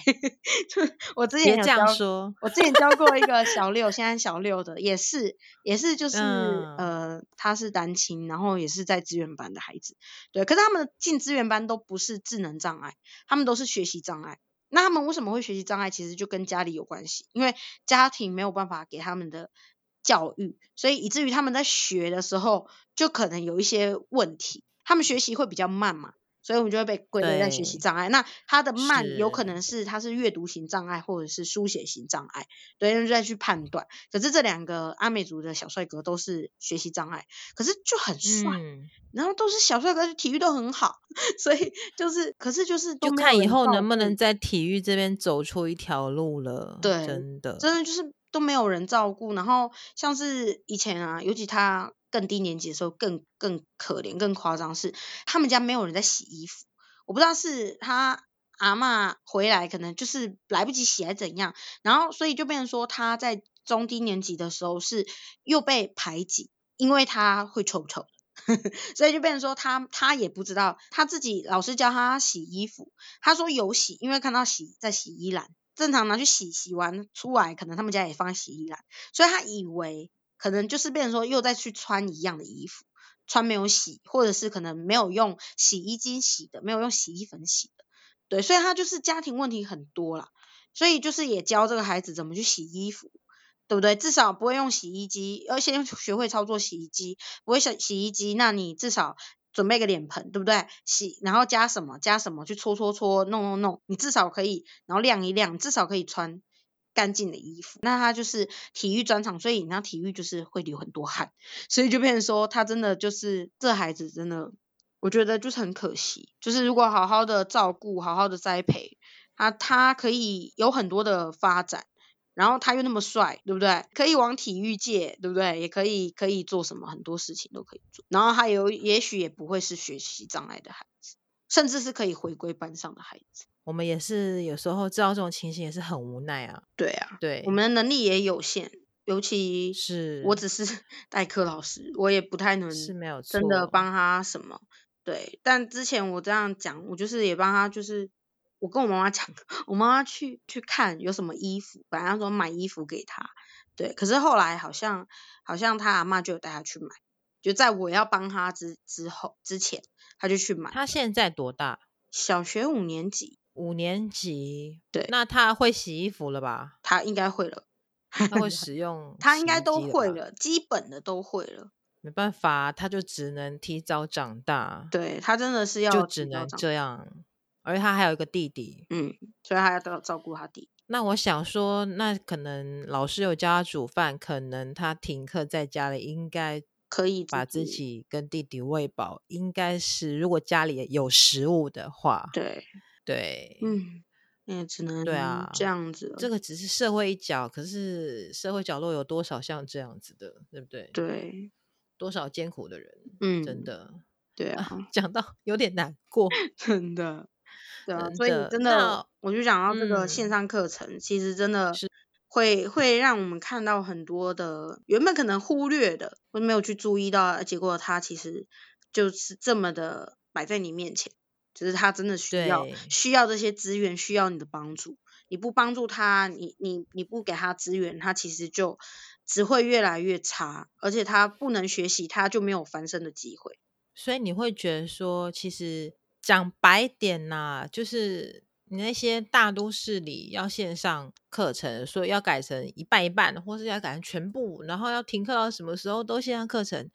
[SPEAKER 1] 我之前也這樣說，我之前教過一個小六， [LAUGHS] 現在小六的也是也是就是、嗯、呃，他是單親，然後也是在資源班的孩子，對。可是他們進資源班都不是智能障礙，他們都是學習障礙。那他們為什麼會學習障礙？其實就跟家裡有關係，因為家庭沒有辦法給他們的，教育，所以以至於他們在學的時候就可能有一些問題，他們學習會比較慢嘛，所以我們就會被歸類在學習障礙。那他的慢有可能是，是他是閱讀型障礙或者是書寫型障礙，對，然後再去判斷。可是這兩個阿美族的小帥哥都是學習障礙，可是就很帥，嗯、然後都是小帥哥，體育都很好，所以就是，可是就是，就看以後能不能
[SPEAKER 2] 在體育這邊走出一條路了。對，真的，真的
[SPEAKER 1] 就是。都沒有人照顧，然後像是以前啊，尤其他更低年級的時候，更更可憐，更誇張是他們家沒有人在洗衣服，我不知道是他阿媽回來可能就是來不及洗還怎樣，然後所以就變成說他在中低年級的時候是又被排擠，因為他會臭臭呵呵，所以就變成說他他也不知道他自己，老師教他洗衣服，他說有洗，因為看到洗在洗衣籃。正常拿去洗，洗完出來，可能他們家也放洗衣籃，所以他以為可能就是變成說又再去穿一樣的衣服，穿沒有洗，或者是可能沒有用洗衣精洗的，沒有用洗衣粉洗的，對，所以他就是家庭問題很多啦，所以就是也教這個孩子怎麼去洗衣服，對不對？至少不會用洗衣機，要先學會操作洗衣機，不會洗洗衣機，那你至少。準備個臉盆，對不對？洗，然後加什麼？加什麼？去搓搓搓，弄弄弄。你至少可以，然後晾一晾，至少可以穿乾淨的衣服。那他就是體育專場，所以你那體育就是會流很多汗，所以就變成說，他真的就是這孩子真的，我覺得就是很可惜，就是如果好好的照顧，好好的栽培，啊，他可以有很多的發展。然後他又那麼帥，對不對？可以往體育界，對不對？也可以可以做什麼，很多事情都可以做。然後還有，也許也不會是學習障礙的孩子，甚至是可以回歸班上的孩子。
[SPEAKER 2] 我們也是有時候知道這種情形，也是很無奈啊。對啊，對，
[SPEAKER 1] 我們的能力也有限，尤其是我只是代課老師，我也不太能真的幫他什麼。對，但之前我這樣講，我就是也幫他就是。我跟我媽媽講，我媽媽去去看有什麼衣服，本來她說買衣服給她，對。可是後來好像好像她阿媽就有帶她去買，就在我要幫她之之後之前，她就去買。她現在多大？
[SPEAKER 2] 小學五年級。五年級。對。那她會洗衣服了吧？她應該
[SPEAKER 1] 會了。
[SPEAKER 2] 她會使用。她應該都會
[SPEAKER 1] 了，基本的都會了。
[SPEAKER 2] 沒辦法，她就只能提早長大。對，她真的是要。就只能這樣。而他還有一個弟弟，
[SPEAKER 1] 嗯，所以他要都要照顧他弟。
[SPEAKER 2] 那我想說，那可能老師有教他煮飯，可能他停課在家裡應該可以把自己跟弟弟餵飽，應該是如果家裡有食物的話。對對，嗯，
[SPEAKER 1] 那
[SPEAKER 2] 也只能對啊
[SPEAKER 1] 這樣子。這個只是社會一
[SPEAKER 2] 角，可是社會角落有多少像這樣子的，對不對？對，多少艱苦的人，嗯，真的，對啊，
[SPEAKER 1] 啊講到有點難過， [LAUGHS] 真的。對啊、所以真的，真的我就想到這個線上課程，嗯、其實真的會是會讓我們看到很多的原本可能忽略的，會沒有去注意到，結果他其實就是這麼的擺在你面前，就是他真的需要需要這些資源，需要你的幫助。你不幫助他，你你你不給他資源，他其實就只會越來越差，而且他不能學習，他就沒有翻身的機會。所以你會覺得說，其實。講
[SPEAKER 2] 白點啦，啊，就是你那些大都市裡要線上課程，所以要改成一半一半，或是要改成全部，然後要停課到什麼時候都線上課程，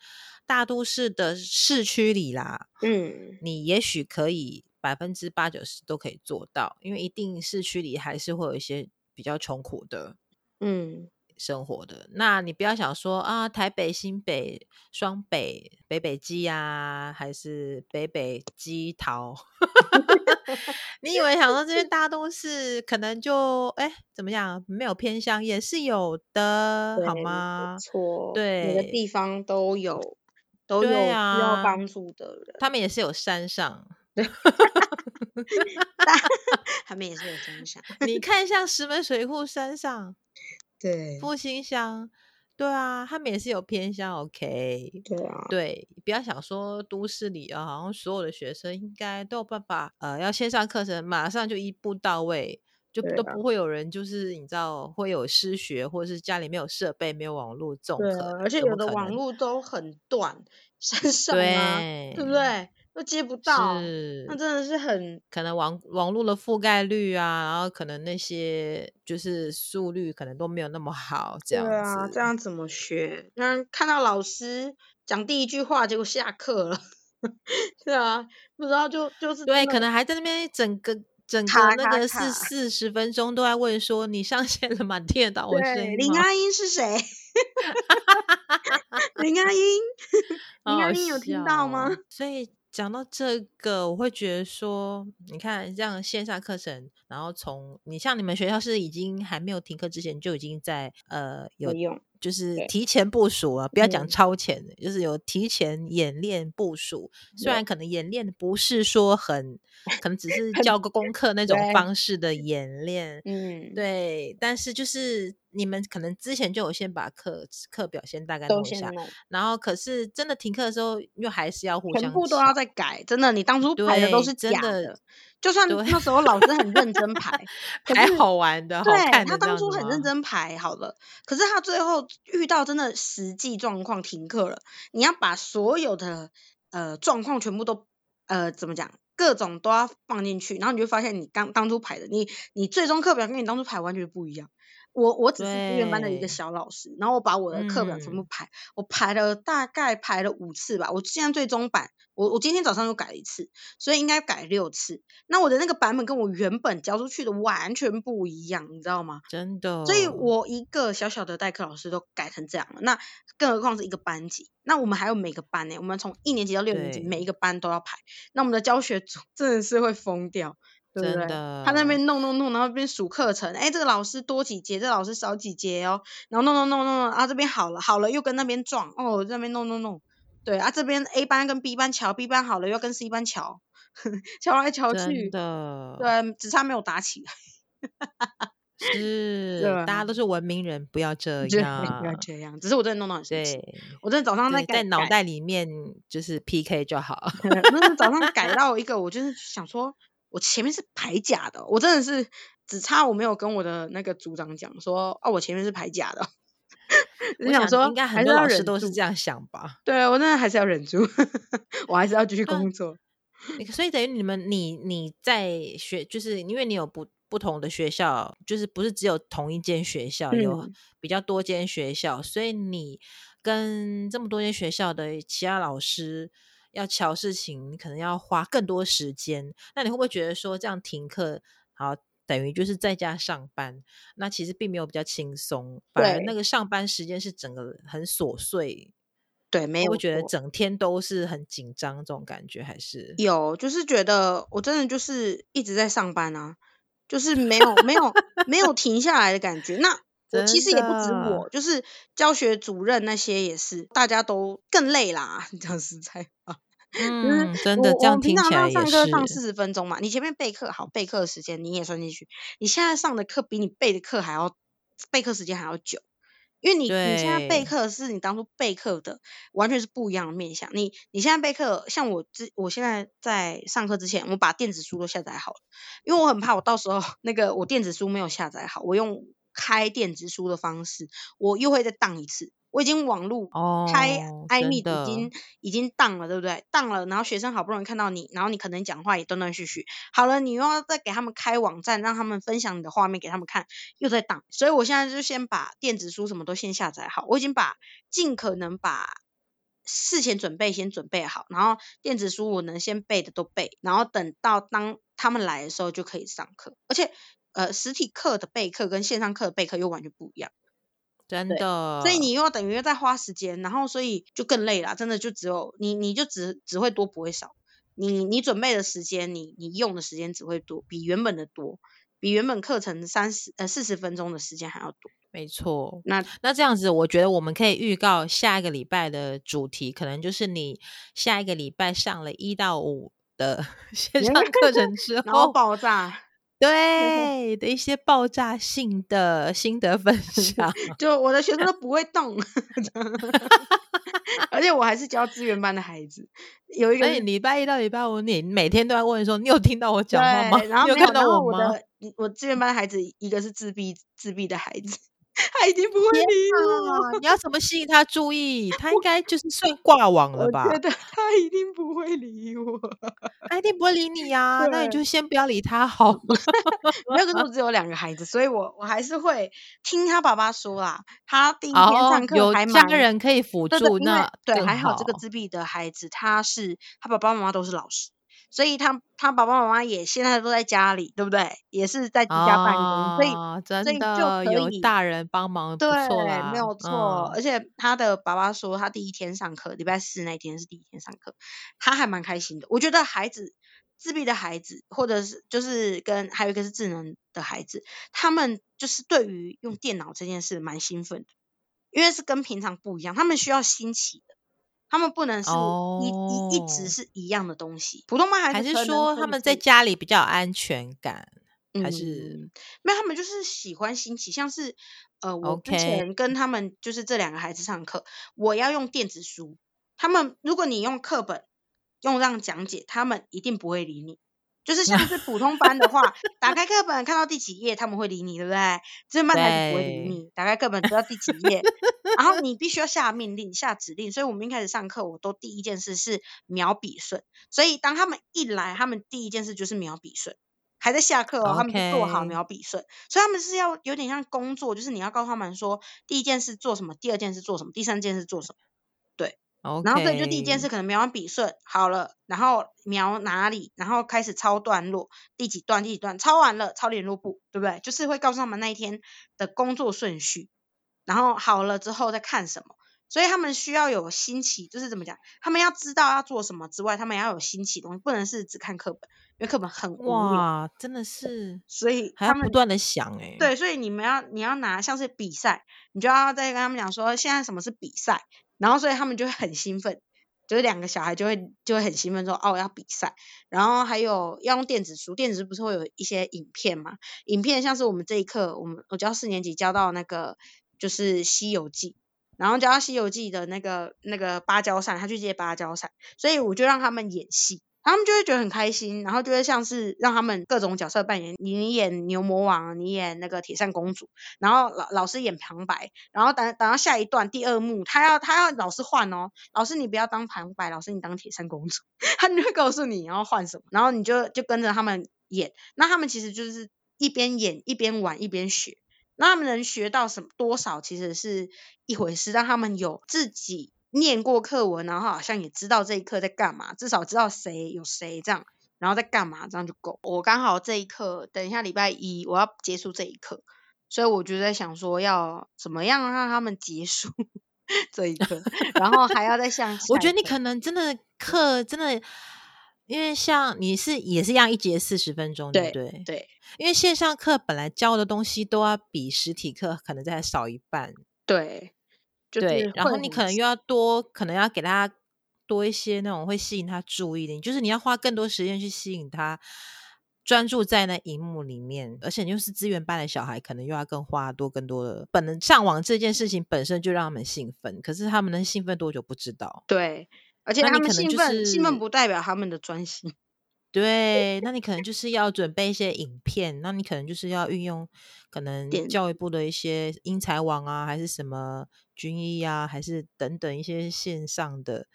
[SPEAKER 2] 大都市的市區裡啦，嗯，你也許可以百分之八九十都可以做到，因為一定市區裡還是會有一些比較窮苦的，嗯。生活的，那你不要想說啊，台北、新北、雙北、北北基呀、啊，還是北北基桃？ [LAUGHS] 你以為想說這邊大都市 [LAUGHS] 可能就哎、欸、怎麼樣？沒有偏鄉也是有的，好嗎？錯，對，每個地方都有都有需要幫助的人、啊，他們也是有山上， [LAUGHS] [LAUGHS] 他們也是
[SPEAKER 1] 有山上 [LAUGHS] 你看一下石門水庫山上。
[SPEAKER 2] 你看，像石門水庫山上。對，復興鄉，對啊，他們也是有偏鄉，OK，對啊，對，不要想說都市裡啊、哦，好像所有的學生應該都有辦法，呃，要線上課程馬上就一步到位，就都不會有人就是、啊、你知道會有失學，或者是家裡沒有設備、沒有網絡這種、啊，而且有的網
[SPEAKER 1] 絡都很斷，山上嘛，對不對？都接不到是，那真的是很。
[SPEAKER 2] 可能網網絡的覆蓋率啊，然後可能那些就是速率可能
[SPEAKER 1] 都沒有那麼好，這樣，對啊。這樣怎麼學？那看到老師講第一句話，結果下課了， [LAUGHS] 是啊，不知道就就是對，可能還在那邊
[SPEAKER 2] 整個整個那個四四十分鐘都在問說卡卡卡你上線了滿電腦的聲音， [LAUGHS] 林阿
[SPEAKER 1] 英是誰？
[SPEAKER 2] 林阿英，
[SPEAKER 1] 林阿英有聽到嗎？
[SPEAKER 2] 所以。講到這個，我會覺得說，你看這樣線上課程，然後從你像你們學校是已經還沒有停課之前就已經在呃有用。就是提前部署啊，不要講超前的，嗯，就是有提前演練部署。雖然可能演練不是說很，可能只是教個功課那種方式的演練，嗯，對。但是就是你們可能之前就有先把課課表先大概弄一下，然後可是真的停課的時候，又還是要互相全部都要再改。
[SPEAKER 1] 真的，你當初排的都是假的真的。就算那時候老師很認真排，還好，還好玩的，對，好看的，他當初很認真排好了，可是他最後遇到真的實際狀況停課了，你要把所有的呃狀況全部都呃怎麼講，各種都要放進去，然後你就發現你剛當初排的，你你最終課表跟你當初排完全不一樣。我我只是資源班的一個小老師，然後我把我的課表全部排、嗯，我排了大概排了五次吧，我現在最終版，我我今天早上又改了一次，所以應該改六次。那我的那個版本跟我原本交出去的完全不一樣，你知道嗎？真的。所以我一個小小的代課老師都改成這樣了，那更何況是一個班級，那我們還有每個班呢、欸，我們從一年級到六年級，每一個班都要排。那我們的教學組真的是會瘋掉。對對真的，他那邊弄弄弄，然後那邊數課程，哎，這個老師多幾節，這個、老師少幾節哦，然後弄弄弄弄啊，這邊好了好了，又跟那邊撞哦，那邊弄弄弄，對啊，這邊 A 班跟 B 班喬，B 班好了又跟 C 班喬，喬來喬去，的，對，只差沒有打起來。 [LAUGHS]
[SPEAKER 2] 是，大家都是文明人，不要這樣，不要這樣，只是我真的弄、no、到、no、對，我真的早上在在腦袋裡
[SPEAKER 1] 面就是 PK 就好。那真、個、早上改到一個，我就是想說。我前面是排假的，我真的是只差我沒有跟我的那個組長講說，哦、啊，我前面是排假的。 [LAUGHS] 我想說，應該很多老師都是這樣想吧？對，我真的還是要忍住， [LAUGHS] 我還是要繼續工作。
[SPEAKER 2] 啊、所以等於你們，你你在學，就是因為你有不不同的學校，就是不是只有同一間學校，嗯，有比較多間學校，所以你跟這麼多間學校的其他老師。要搞事情，可能要花更多時間。那你會不會覺得說這樣停課，好等於就是在家上班？那其實並沒有比較輕
[SPEAKER 1] 鬆，反而那個
[SPEAKER 2] 上班時間是整個很瑣碎。對，沒有。我覺得整天都是很緊張，這種感覺，還是
[SPEAKER 1] 有，就是覺得我真的就是一直在上班啊，就是沒有沒有 [LAUGHS] 沒有停下來的感覺。那我其實也不止我，就是教學主任那些也是，大家都更累啦，你講實在話。嗯，真的，這樣聽起來也是。上課上四十分鐘嘛，你前面備課好，備課時間你也算進去。你現在上的課比你備的課還要，備課時間還要久，因為你你現在備課是你當初備課的完全是不一樣的面向。你你現在備課，像我之，我現在在上課之前，我把電子書都下載好了，因為我很怕我到時候那個我電子書沒有下載好，我用。開電子書的方式，我又會再當一次。我已經網路開艾米已經已經當了，對不對？當了，然後學生好不容易看到你，然後你可能講話也斷斷續續。好了，你又要再給他們開網站，讓他們分享你的畫面給他們看，又在當，所以我現在就先把電子書什麼都先下載好。我已經把盡可能把事前準備先準備好，然後電子書我能先背的都背，然後等到當他們來的時候就可以上課，而且。呃，實體課的備課跟線上課的備課又完全不一樣，真的。所以你又要等於在花時間，然後所以就更累了，真的就只有你，你就只只會多不會少。你你準備的時間，你你用的時間只會多，比原本的多，比原本課程三十呃四十分鐘的時間還要多。沒
[SPEAKER 2] 錯。那那這樣子，我覺得我們可以預告下一個禮拜的主題，可能就是你下一個禮拜上了一到五的線上課程之後， [LAUGHS] 然後爆炸。對 [MUSIC] 的一些爆炸性的心得分享， [LAUGHS] 就
[SPEAKER 1] 我的學生都不會動， [LAUGHS] [LAUGHS] [LAUGHS] [LAUGHS] [LAUGHS] [LAUGHS] [LAUGHS] [LAUGHS] 而且我還是教資源班的孩子， [LAUGHS] 有一個禮
[SPEAKER 2] 拜一到禮拜五，你每天都在問說 [LAUGHS] 你有聽到我講話嗎？然後有你有看到我嗎？
[SPEAKER 1] 我資源班的孩子 [MUSIC] 一個是自閉， [MUSIC] 自閉的孩子。
[SPEAKER 2] [LAUGHS] 他一定不會理我，啊。你要怎麼吸引他注意？ [LAUGHS] 他應該就是算掛網了吧。對，我覺得他一定不會理我。 [LAUGHS] 他一定不會理你啊！那你就先不
[SPEAKER 1] 要理他好
[SPEAKER 2] 了。 [LAUGHS] [LAUGHS] 跟我那個肚
[SPEAKER 1] 子有兩個孩子，所以我我還是會聽他爸爸說啦。他第一天上課還蠻，哦，有家人可以
[SPEAKER 2] 輔助。 [LAUGHS] 對，那對，好還好這個
[SPEAKER 1] 自閉的孩子，他是他爸爸媽媽都是老師。所以他他爸爸媽媽也現在都在家裡，對不對？也是在家辦公，哦，所以真的所以就可以有大人幫忙，對，不錯啊，沒有錯，嗯。而且他的爸爸說，他第一天上課，禮拜四那天是第一天上課，他還蠻開心的。我覺得孩子自閉的孩子，或者是就是跟還有一個是智能的孩子，他們就是對於用電腦這件事蠻興奮的，因為是跟平常不一樣，他們需要新奇的。他們不能是一一一直是一樣的東西，普通班孩子還是說他們在
[SPEAKER 2] 家裡比較有安全感，還是？
[SPEAKER 1] 沒有，他們就是喜歡新奇，像是呃，我之前跟他們就是這兩個孩子上課、okay，我要用電子書，他們如果你用課本，用這樣講解，他們一定不會理你。就是像是普通班的話， [LAUGHS] 打開課課本 [LAUGHS] 看到第幾頁， [LAUGHS] 他們會理你，對 [LAUGHS] 不對？這是慢就會理你，打開課本讀到第幾頁， [LAUGHS] 然後你必須要下命令、下指令。所以，我們一開始上課，我都第一件事是描筆順。所以，當他們一來，他們第一件事就是描筆順，還在下課哦，他們就做好描筆順。Okay. 所以，他們是要有點像工作，就是你要告訴他們說，第一件事做什麼，第二件事做什麼，第三件事做什麼。
[SPEAKER 2] Okay. 然後所以就第一件事，
[SPEAKER 1] 可能描完筆順好了，然後描哪裡，然後開始抄段落，第幾段第幾段，抄完了抄聯絡簿，對不對？就是會告訴他們那一天的工作順序，然後好了之後再看什麼，所以他們需要有新奇，就是怎麼講，他們要知道要做什麼之外，他們要有新奇的東西，不能是只看課本，因為課本很無哇，真的是，所以他們還要不
[SPEAKER 2] 斷的想誒、欸、對，
[SPEAKER 1] 所以你們要你要拿像是比賽，你就要再跟他們講說，現在什麼是比賽。然後，所以他們就會很興奮，就是兩個小孩就會就會很興奮說：“哦，我要比賽。”然後還有要用電子書，電子書不是會有一些影片嘛？影片像是我們這一課，我們我教四年級教到那個就是《西遊記》，然後教到《西遊記》的那個那個芭蕉扇，他去借芭蕉扇，所以我就讓他們演戲。他們就會覺得很開心，然後就會像是讓他們各種角色扮演，你,你演牛魔王，你演那個鐵扇公主，然後老老師演旁白，然後等等到下一段第二幕，他要他要老師換哦，老師你不要當旁白，老師你當鐵扇公主，他就會告訴你你要換什麼，然後你就就跟着他們演，那他們其實就是一邊演一邊玩一邊學，那他們能學到什麼多少其實是一回事，讓他們有自己。念過課文，然後好像也知道這一課在幹嘛，至少知道誰有誰這樣，然後在幹嘛這樣就夠。我剛好這一課，等一下禮拜一我要結束這一課，所以我就在想說要怎麼樣讓他們結束這一課， [LAUGHS] 然後還要再向我覺得你
[SPEAKER 2] 可能真的課真的，因為像你是也是一樣，一節四十分鐘，對，對不對？對，因為線上課本來教的東西都要比實體課可能再少一半，對。
[SPEAKER 1] 就就對，然後你可能
[SPEAKER 2] 又要多，可能要給他多一些那種會吸引他注意的，就是你要花更多時間去吸引他專注在那熒幕裡面，而且你又是資源班的小孩，可能又要更花多更多的。本來，上網這件事情本身就讓他們興奮，可是他們能興奮多久不知道。對，而且他們興奮、就是，興奮
[SPEAKER 1] 不代表他們的專心。
[SPEAKER 2] 對，那你可能就是要準備一些影片，那你可能就是要運用可能教育部的一些因材網啊，還是什麼。軍醫啊，還是等等一些線上的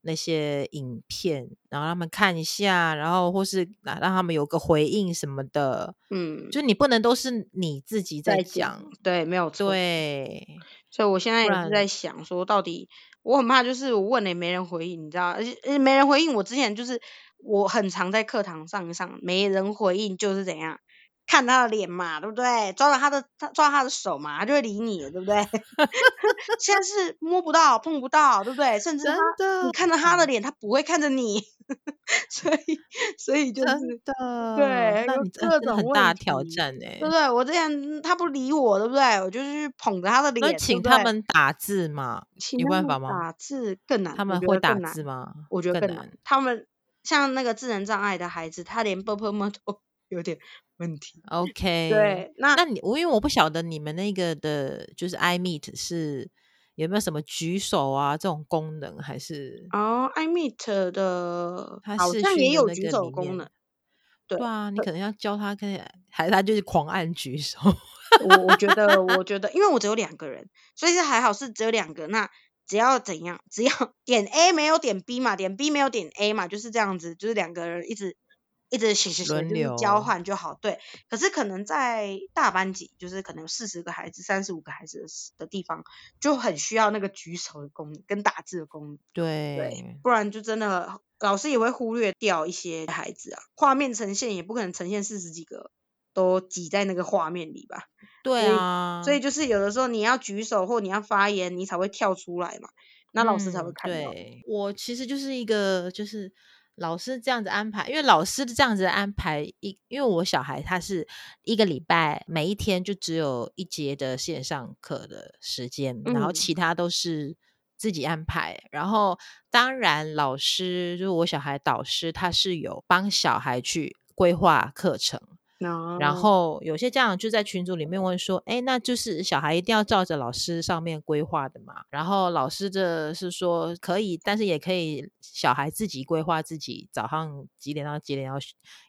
[SPEAKER 2] 那些影片，然後讓他們看一下，然後或是讓他們有個回應什麼的，嗯，就你不能都是你自己在講，
[SPEAKER 1] 對，沒有錯。所以我現在一直在想，說到底我很怕就是我問了也沒人回應，你知道，而且沒人回應。我之前就是我很常在課堂上上沒人回應就是怎樣。看他的臉嘛，對不對？抓到他的，抓他的手嘛，他就會理你，對不對？ [LAUGHS] 現在是摸不到，碰不到，對不對？甚至你看着他的臉，他不會看着你， [LAUGHS] 所以，所以就是真的對，有各種大
[SPEAKER 2] 挑戰誒、欸。對不
[SPEAKER 1] 對？我之前他不理我，對不對？我就是捧着他的臉，那請他們
[SPEAKER 2] 打字嘛？對對，請他們打字有辦法嗎？打
[SPEAKER 1] 字更難，他們會打字嗎？
[SPEAKER 2] 我覺得更
[SPEAKER 1] 難。更難更難，他們像那個智能障礙的孩子，他連 ㄅㄆㄇ。
[SPEAKER 2] 有點問題。OK，對，那那你我因為我不曉得你們那個的，就是 iMeet 是有沒有什麼舉手啊這種功能，還是
[SPEAKER 1] 哦、oh, iMeet 的，它好也有舉手功能。對
[SPEAKER 2] 啊，你可能要教他可，跟還是他就是狂按舉手。我 [LAUGHS] 我覺得，我
[SPEAKER 1] 覺得，因為我只有兩個人，所以是還好是只有兩個。那只要怎樣？只要點 A 沒有點 B 嘛，點 B 沒有點 A 嘛，就是這樣子，就是兩個人一直。一直行行、行、行交換就好，對。可是可能在大班級，就是可能有四十個孩子、三十五個孩子的地方，就很需要那個舉手的功能跟打字的功能，能。對。不然就真的老師也會忽略掉一些孩子啊。畫面呈現也不可能呈現四十幾個都擠在那個畫面裡吧？
[SPEAKER 2] 對啊。所以
[SPEAKER 1] 就是有的時候你要舉手或你要發言，你才會跳出來嘛，
[SPEAKER 2] 那老師才會看到。嗯、對，我其實就是一個就是。老師這樣子安排，因為老師這樣子安排，一因為我小孩他是一個禮拜每一天就只有一節的線上課的時間，嗯，然後其他都是自己安排。然後當然老師，就是我小孩導師，他是有幫小孩去規劃課程。
[SPEAKER 1] No. 然後
[SPEAKER 2] 有些家長就在群組裡面問說：“哎，那就是小孩一定要照着老師上面規劃的嘛？”然後老師的是說可以，但是也可以小孩自己規劃自己早上幾點到幾點要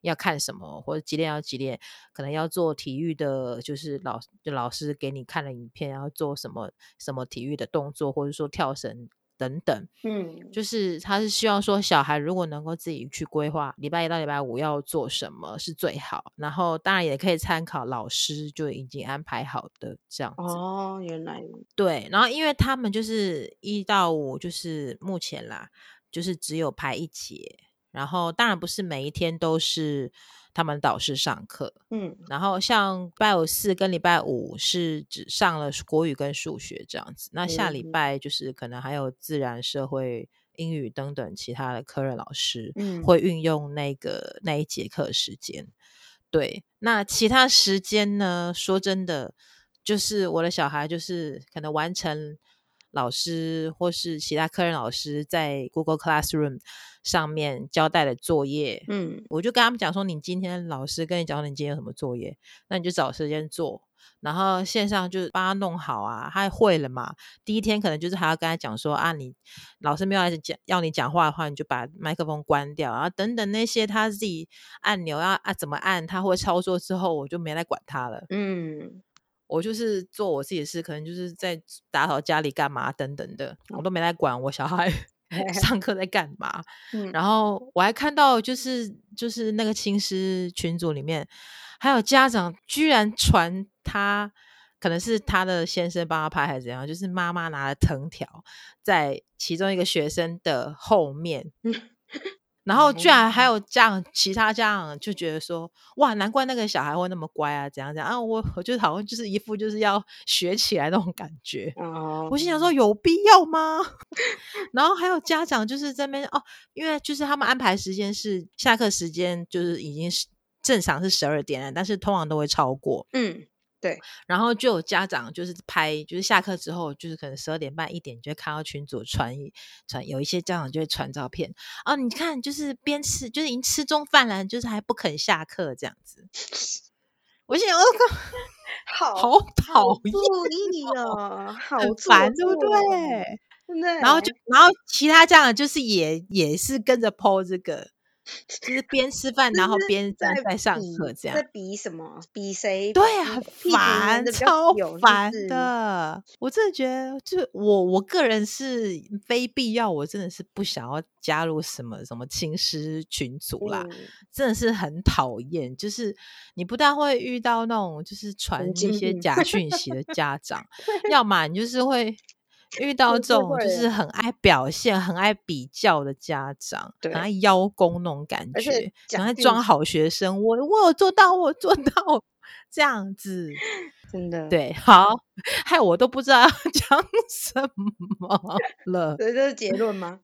[SPEAKER 2] 要看什麼，或者幾點到幾點可能要做體育的，就是老就老師給你看了影片，要做什麼什麼體育的動作，或者說跳繩等等，嗯，就是他是希望說，小孩如果能夠自己去規劃禮拜一到禮拜五要做什麼是最好，然後當然也可以參考老師就已經安排好的這樣子。
[SPEAKER 1] 哦，原來。
[SPEAKER 2] 對，然後因為他們就是一到五就是目前啦，就是只有排一節。然後，當然不是每一天都是他們導師上課，嗯。然後像禮拜五四跟禮拜五是只上了國語跟數學這樣子。嗯、那下禮拜就是可能還有自然、社會、英語等等其他的科任老師會運用那個、嗯、那一節課時間。對，那其他時間呢？說真的，就是我的小孩就是可能完成。老師或是其他科任老師在 Google Classroom 上面交代的作業，嗯，我就跟他們講說，你今天老師跟你講，你今天有什麼作業，那你就找時間做，然後線上就幫他弄好啊。他會了嘛？第一天可能就是還要跟他講說啊，你老師沒有來講要你講話的話，你就把麥克風關掉啊，然後等等那些他自己按鈕要、啊、怎麼按，他會操作之後，我就沒來管他了。嗯。我就是做我自己的事，可能就是在打掃家裡、幹嘛等等的，嗯、我都沒來管我小孩嘿嘿上課在幹嘛、
[SPEAKER 1] 嗯。然
[SPEAKER 2] 後我還看到，就是就是那個親師群組裡面，還有家長居然傳他，可能是他的先生幫他拍還是怎樣，就是媽媽拿了藤條在其中一個學生的後面。嗯 [LAUGHS] 然後居然還有這樣、嗯，其他家長就覺得說，哇，難怪那個小孩會那麼乖啊，怎樣怎樣啊，我我就好像就是一副就是要學起來那種感覺。嗯、我心想說，有必要嗎？ [LAUGHS] 然後還有家長就是在那邊哦，因為就是他們安排時間是下課時間，就是已經是正常是十二點了，但是通常都會超過。嗯。對，然後就有家長就是拍，就是下課之後，就是可能十二點半一點，就會看到群組傳一傳，有一些家長就會傳照片。哦，你看，就是邊吃，就是已經吃中飯了，就是還不肯下課這樣子。我心想，我靠，
[SPEAKER 1] 好討厭哦，好煩，對不對？
[SPEAKER 2] 然後就，然後其他家長就是也也是跟着 PO 這個。就是邊吃飯，然後邊站在上課，這樣比，
[SPEAKER 1] 比什麼？比誰？對啊，很煩，
[SPEAKER 2] 超煩的，的。我真的覺得，就我我個人是非必要，我真的是不想要加入什麼什麼親師群組啦、嗯。真的是很討厭，就是你不但會遇到那種就是傳一些假訊息的家長，嗯、要麼你就是會。遇到這種就是很愛表現、很愛比較的家長，很愛邀功那種感覺，然後裝好學生，我我有做到，我做到 [LAUGHS] 這樣子。真的對，好，害我都不知道要講什麼了。所以這是結論嗎？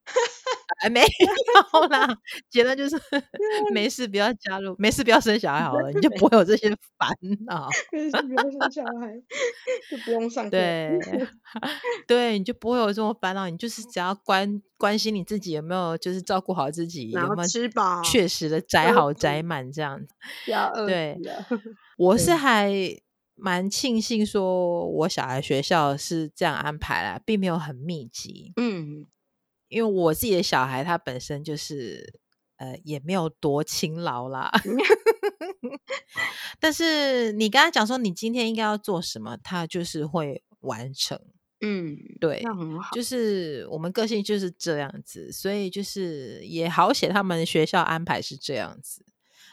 [SPEAKER 2] 還沒有啦， [LAUGHS] 結論就是 [LAUGHS] 沒事，不要加入，沒事，不要生小孩好了， [LAUGHS] 你就不會有這些煩惱。沒事不要生
[SPEAKER 1] 小孩， [LAUGHS] 就不用上課。對
[SPEAKER 2] 對，你就不會有這麼煩惱。你就是只要關關心你自己有沒有，就是照顧好自己，然後有沒有吃飽？確實的，宅好宅滿這樣
[SPEAKER 1] 子要。對，
[SPEAKER 2] 我是還。蠻慶幸說，我小孩學校是這樣安排啦，並沒有很密集。嗯，因為我自己的小孩，他本身就是呃，也沒有多勤勞啦。 [LAUGHS] [LAUGHS] 但是你剛才講說，你今天應該要做什麼，他就是會完成。嗯，對，就是我們個性就是這樣子，所以就是也好險他們學校安排是這樣子。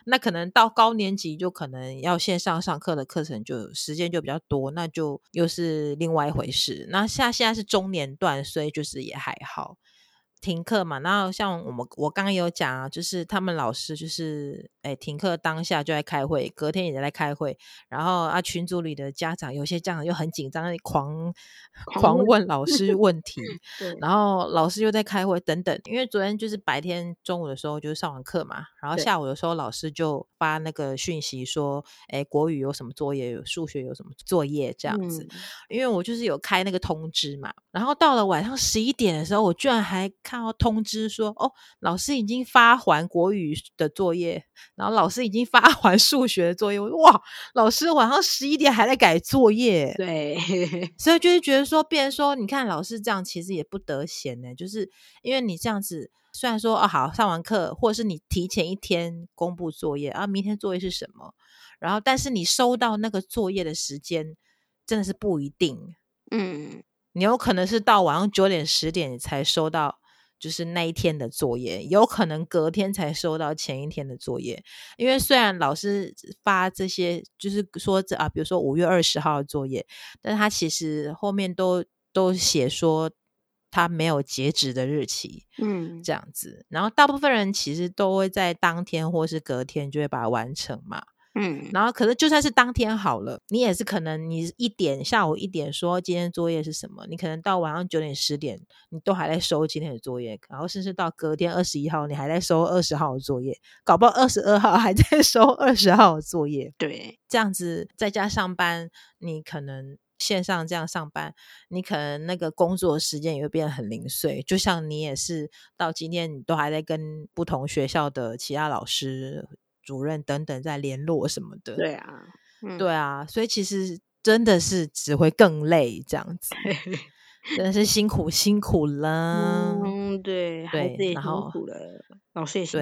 [SPEAKER 2] 那可能到高年級就可能要線上上課的課程就，就時間就比較多，那就又是另外一回事。那現在，現在是中年段，所以就是也還好。停課嘛，然後像我們我剛剛有講啊，就是他們老師就是哎、欸、停課當下就在開會，隔天也在開會，然後啊群組裡的家長有些家長又很緊張，那裡狂狂問老師問題， [LAUGHS] 然後老師又在開會等等。因為昨天就是白天中午的時候就是上完課嘛，然後下午的時候老師就發那個訊息說，哎、欸、國語有什麼作業，有數學有什麼作業這樣子，嗯。因為我就是有開那個通知嘛，然後到了晚上十一點的時候，我居然還看。然後通知說：“哦，老師已經發還國語的作業，然後老師已經發還數學的作業，我說。哇，老師晚上十一點還在改作業。”對，所以就是覺得說，別人說，你看老師這樣其實也不得閒呢，欸，就是因為你這樣子，雖然說哦、啊、好，上完課，或者是你提前一天公布作業啊，明天作業是什麼，然後但是你收到那個作業的時間真的是不一定，嗯，你有可能是到晚上九點、十點你才收到。就是那一天的作業，有可能隔天才收到前一天的作業，因為雖然老師發這些，就是說這啊，比如說五月二十號的作業，但他其實後面都都寫說他沒有截止的日期，
[SPEAKER 1] 嗯，
[SPEAKER 2] 這樣子，然後大部分人其實都會在當天或是隔天就會把它完成嘛。嗯，然後可是就算是當天好了，你也是可能你一點下午一點說今天作業是什麼，你可能到晚上九點十點你都還在收今天的作業，然後甚至到隔天二十一號你還在收二十號的作業，搞不好二十二號還在收二十號的作業。對，這樣子在家上班，你可能線上這樣上班，你可能那個工作時間也會變得很零碎。就像你也是到今天，你都還在跟不同學校的其他老師。主任等等在聯絡什麼的，對啊，對啊、嗯，所以其實真的是只會更累這樣子， [LAUGHS] 真的是辛苦辛苦了，嗯，對，對，然後老師也辛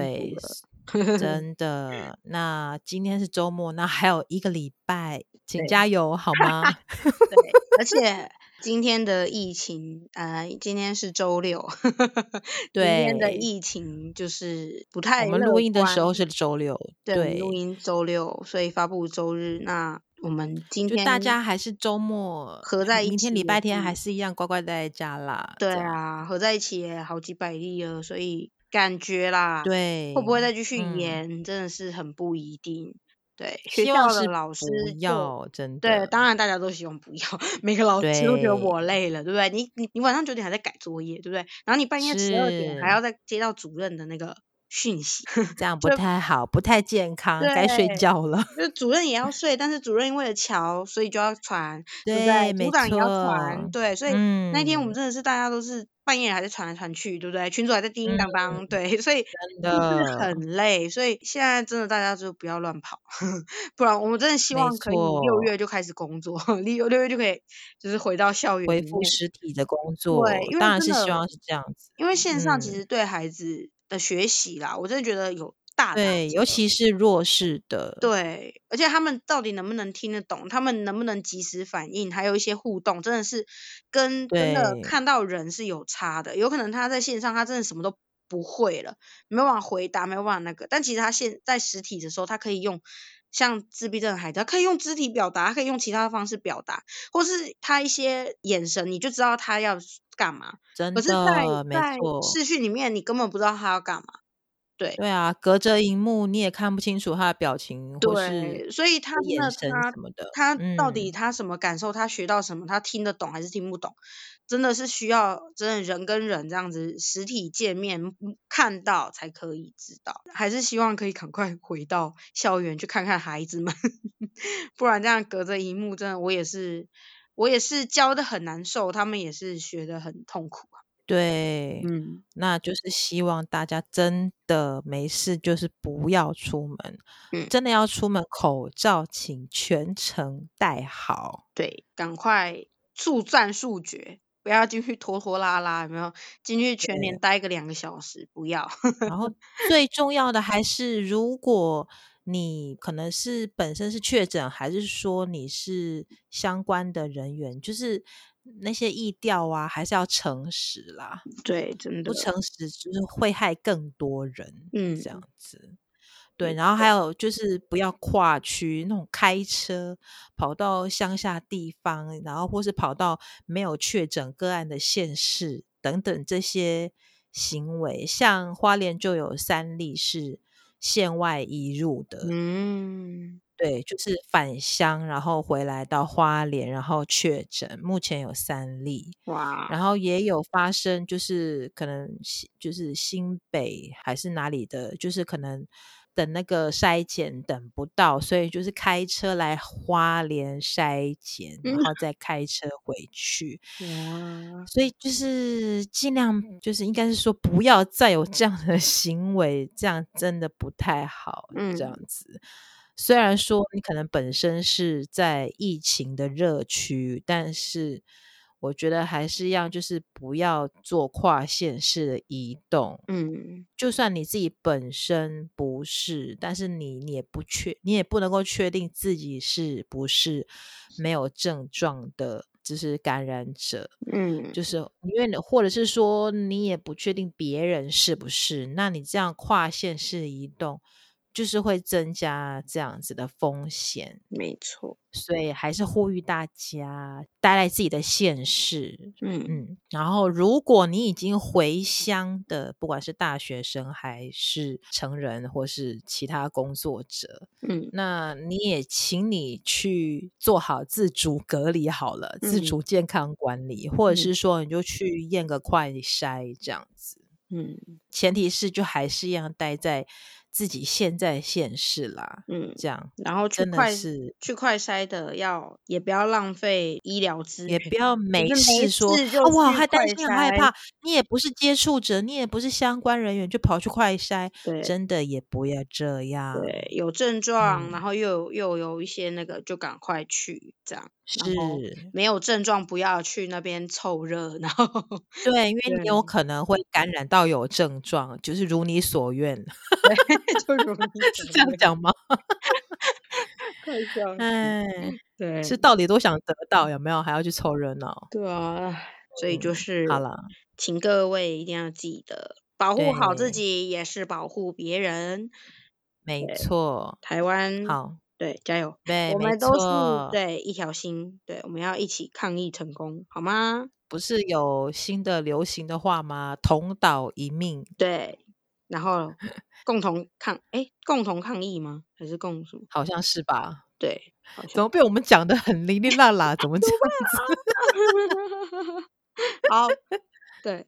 [SPEAKER 2] 苦了， [LAUGHS] 真的。那今天是周末，那還有一個禮拜，請加油好嗎？ [LAUGHS] 對
[SPEAKER 1] [LAUGHS] 對 [LAUGHS] 而且。今天的疫情，呃，今天是週六，
[SPEAKER 2] [LAUGHS] 對。今天的
[SPEAKER 1] 疫情就是不太。我們錄音的時候
[SPEAKER 2] 是週六，對，對，錄
[SPEAKER 1] 音週六，所以發布週日。那
[SPEAKER 2] 我們今天大家還
[SPEAKER 1] 是周末合在一起，明天禮拜天還是一樣乖乖待在家啦。對啊，合在一起也好幾百例了，所以感覺啦，對，會不會再繼續延、嗯，真的是很不一定。對，學校的老師要，真的對，當然大家都希望不要。每個老師都覺得我累了，對不對？你你你晚上九點還在改作業，對不對？然後你半夜十二點還要再接到主任的那個。訊息這樣不太
[SPEAKER 2] 好，不太健康，該睡覺
[SPEAKER 1] 了。就主任也要睡， [LAUGHS] 但是主任因為了橋，所以就要傳。對，部長也要傳。對，所以、嗯、那天我們真的是大家都是半夜還在傳來傳去，對不對？群組還在叮叮噹噹。對，所以真的很累。所以現在真的大家就不要亂跑， [LAUGHS] 不然我們真的希望可以六月就開始工作，六 [LAUGHS] 月就可以就是回到校園恢復實
[SPEAKER 2] 體的工作。對，因為，當然是希望是這樣
[SPEAKER 1] 子。因為線上其實對孩子。嗯的學習啦！我真的覺得有大。對，
[SPEAKER 2] 尤其是弱勢的。
[SPEAKER 1] 對，而且他們到底能不能聽得懂，他們能不能及時反應，還有一些互動，真的是跟真的看到的人是有差的。有可能他在線上，他真的什麼都不會了，沒辦法回答，沒辦法那個。但其實他現在實體的時候，他可以用像自閉症的孩子，他可以用肢體表達，他可以用其他的方式表達，或是他一些眼神，你就知道他要。幹嘛？真的，可是在沒錯。在視訊裡面你根本不知道他要幹嘛。
[SPEAKER 2] 對對啊，隔着熒幕你也看不清楚他的表情，對，或是所
[SPEAKER 1] 以他現在他、嗯、他到底他什麼感受，他學到什麼，他聽得懂還是聽不懂？真的是需要真的人跟人這樣子實體見面看到才可以知道。還是希望可以趕快回到校園去看看孩子們， [LAUGHS] 不然這樣隔着熒幕，真的我也是。我也是教的很難受，他們也是學的很痛苦啊。
[SPEAKER 2] 對，嗯，那就是希望大家真的沒事，就是不要出門。嗯，真的要出門，口罩請全程戴好。對，
[SPEAKER 1] 趕快速戰速決，不要進去拖拖拉拉。有沒有進去全年待個兩個小時？不要。
[SPEAKER 2] [LAUGHS] 然後最重要的還是，如果。你可能是本身是確診，還是說你是相關的人員？就是那些疫調啊，還是要誠實啦。對，真的不誠實就是會害更多人。嗯，這樣子。對，然後還有就是不要跨區那種開車跑到鄉下地方，然後或是跑到沒有確診個案的縣市等等這些行為，像花蓮就有三例是縣外移入的。嗯，對，就是返鄉，然後回來到花蓮，然後確診，目前有三例。哇，然後也有發生，就是可能就是新北還是哪裡的，就是可能。等那個篩檢等不到，所以就是開車來花蓮篩檢，嗯、然後再開車回去。
[SPEAKER 1] 嗯、
[SPEAKER 2] 所以就是盡量，就是應該是說不要再有這樣的行為，嗯、這樣真的不太好、嗯。這樣子，雖然說你可能本身是在疫情的熱區，但是。我覺得還是要就是不要做跨縣市的移動，嗯，就算你自己本身不是，但是你你也不確，你也不能夠確定自己是不是沒有症狀的，就是感染者，嗯，就是因為你或者是說你也不確定別人是不是，那你這樣跨縣市移動。就是會增加這樣子的風險，沒錯。所以還是呼籲大家待在自己的縣市。嗯嗯。然後，如果你已經回鄉的，不管是大學生還是成人，或是其他工作者，嗯，那你也請你去做好自主隔離好了，嗯、自主健康管理、嗯，或者是說你就去驗個快篩這樣子。
[SPEAKER 1] 嗯，
[SPEAKER 2] 前提是就還是一樣待在。自己現在現世啦，嗯，這樣，然
[SPEAKER 1] 後真的是去快篩的要，要也不要浪費醫療資源，也不要每次說、就是、每次哇，還擔心很害怕，
[SPEAKER 2] 你也不是接觸者，你也不是相關人員，就跑去快篩，真的也不要這樣，對，有
[SPEAKER 1] 症狀，嗯、然後又又有一些那個，就趕快去這樣。是沒有症狀，不要去那邊湊熱鬧。對，因為你有
[SPEAKER 2] 可能會感染到有症狀，就是如你所願，
[SPEAKER 1] 就是 [LAUGHS] 這樣講嗎？ [LAUGHS] 太對，是
[SPEAKER 2] 到底都想得到，有沒有還要去湊熱鬧？
[SPEAKER 1] 對啊，所以就是、嗯、好了，請各位一定要記得保護好自己，也是保護別人。沒錯，台灣好。對，加油！對，我們都是，對，一條心。對，我們要一起抗疫成功，好嗎？不是有新的流行的話嗎？同島一命。對，然後共同抗，哎， [LAUGHS] 共同抗疫嗎？還是共什麼？好像是吧。對，
[SPEAKER 2] 怎麼被我們講得很淋漓爛啦？ [LAUGHS] 怎麼這樣
[SPEAKER 1] 子？ [LAUGHS] [LAUGHS] 好，對，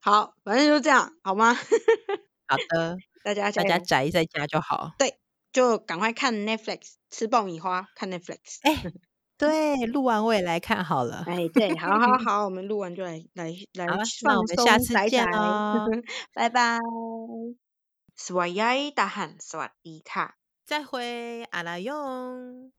[SPEAKER 1] 好，反正就這樣，好嗎？ [LAUGHS] 好的，大家大家宅一在家就好。對。就趕快看 Netflix，吃爆米花，看 Netflix。哎、
[SPEAKER 2] 欸，對，錄 [LAUGHS] 完我也來看好了。哎、欸，對，好好好，
[SPEAKER 1] [LAUGHS] 我們錄完就來來來放鬆，那我們下次再見嘍、哦，拜拜。สวัสดีท่านสวัสดีค่ะ，再會阿拉勇。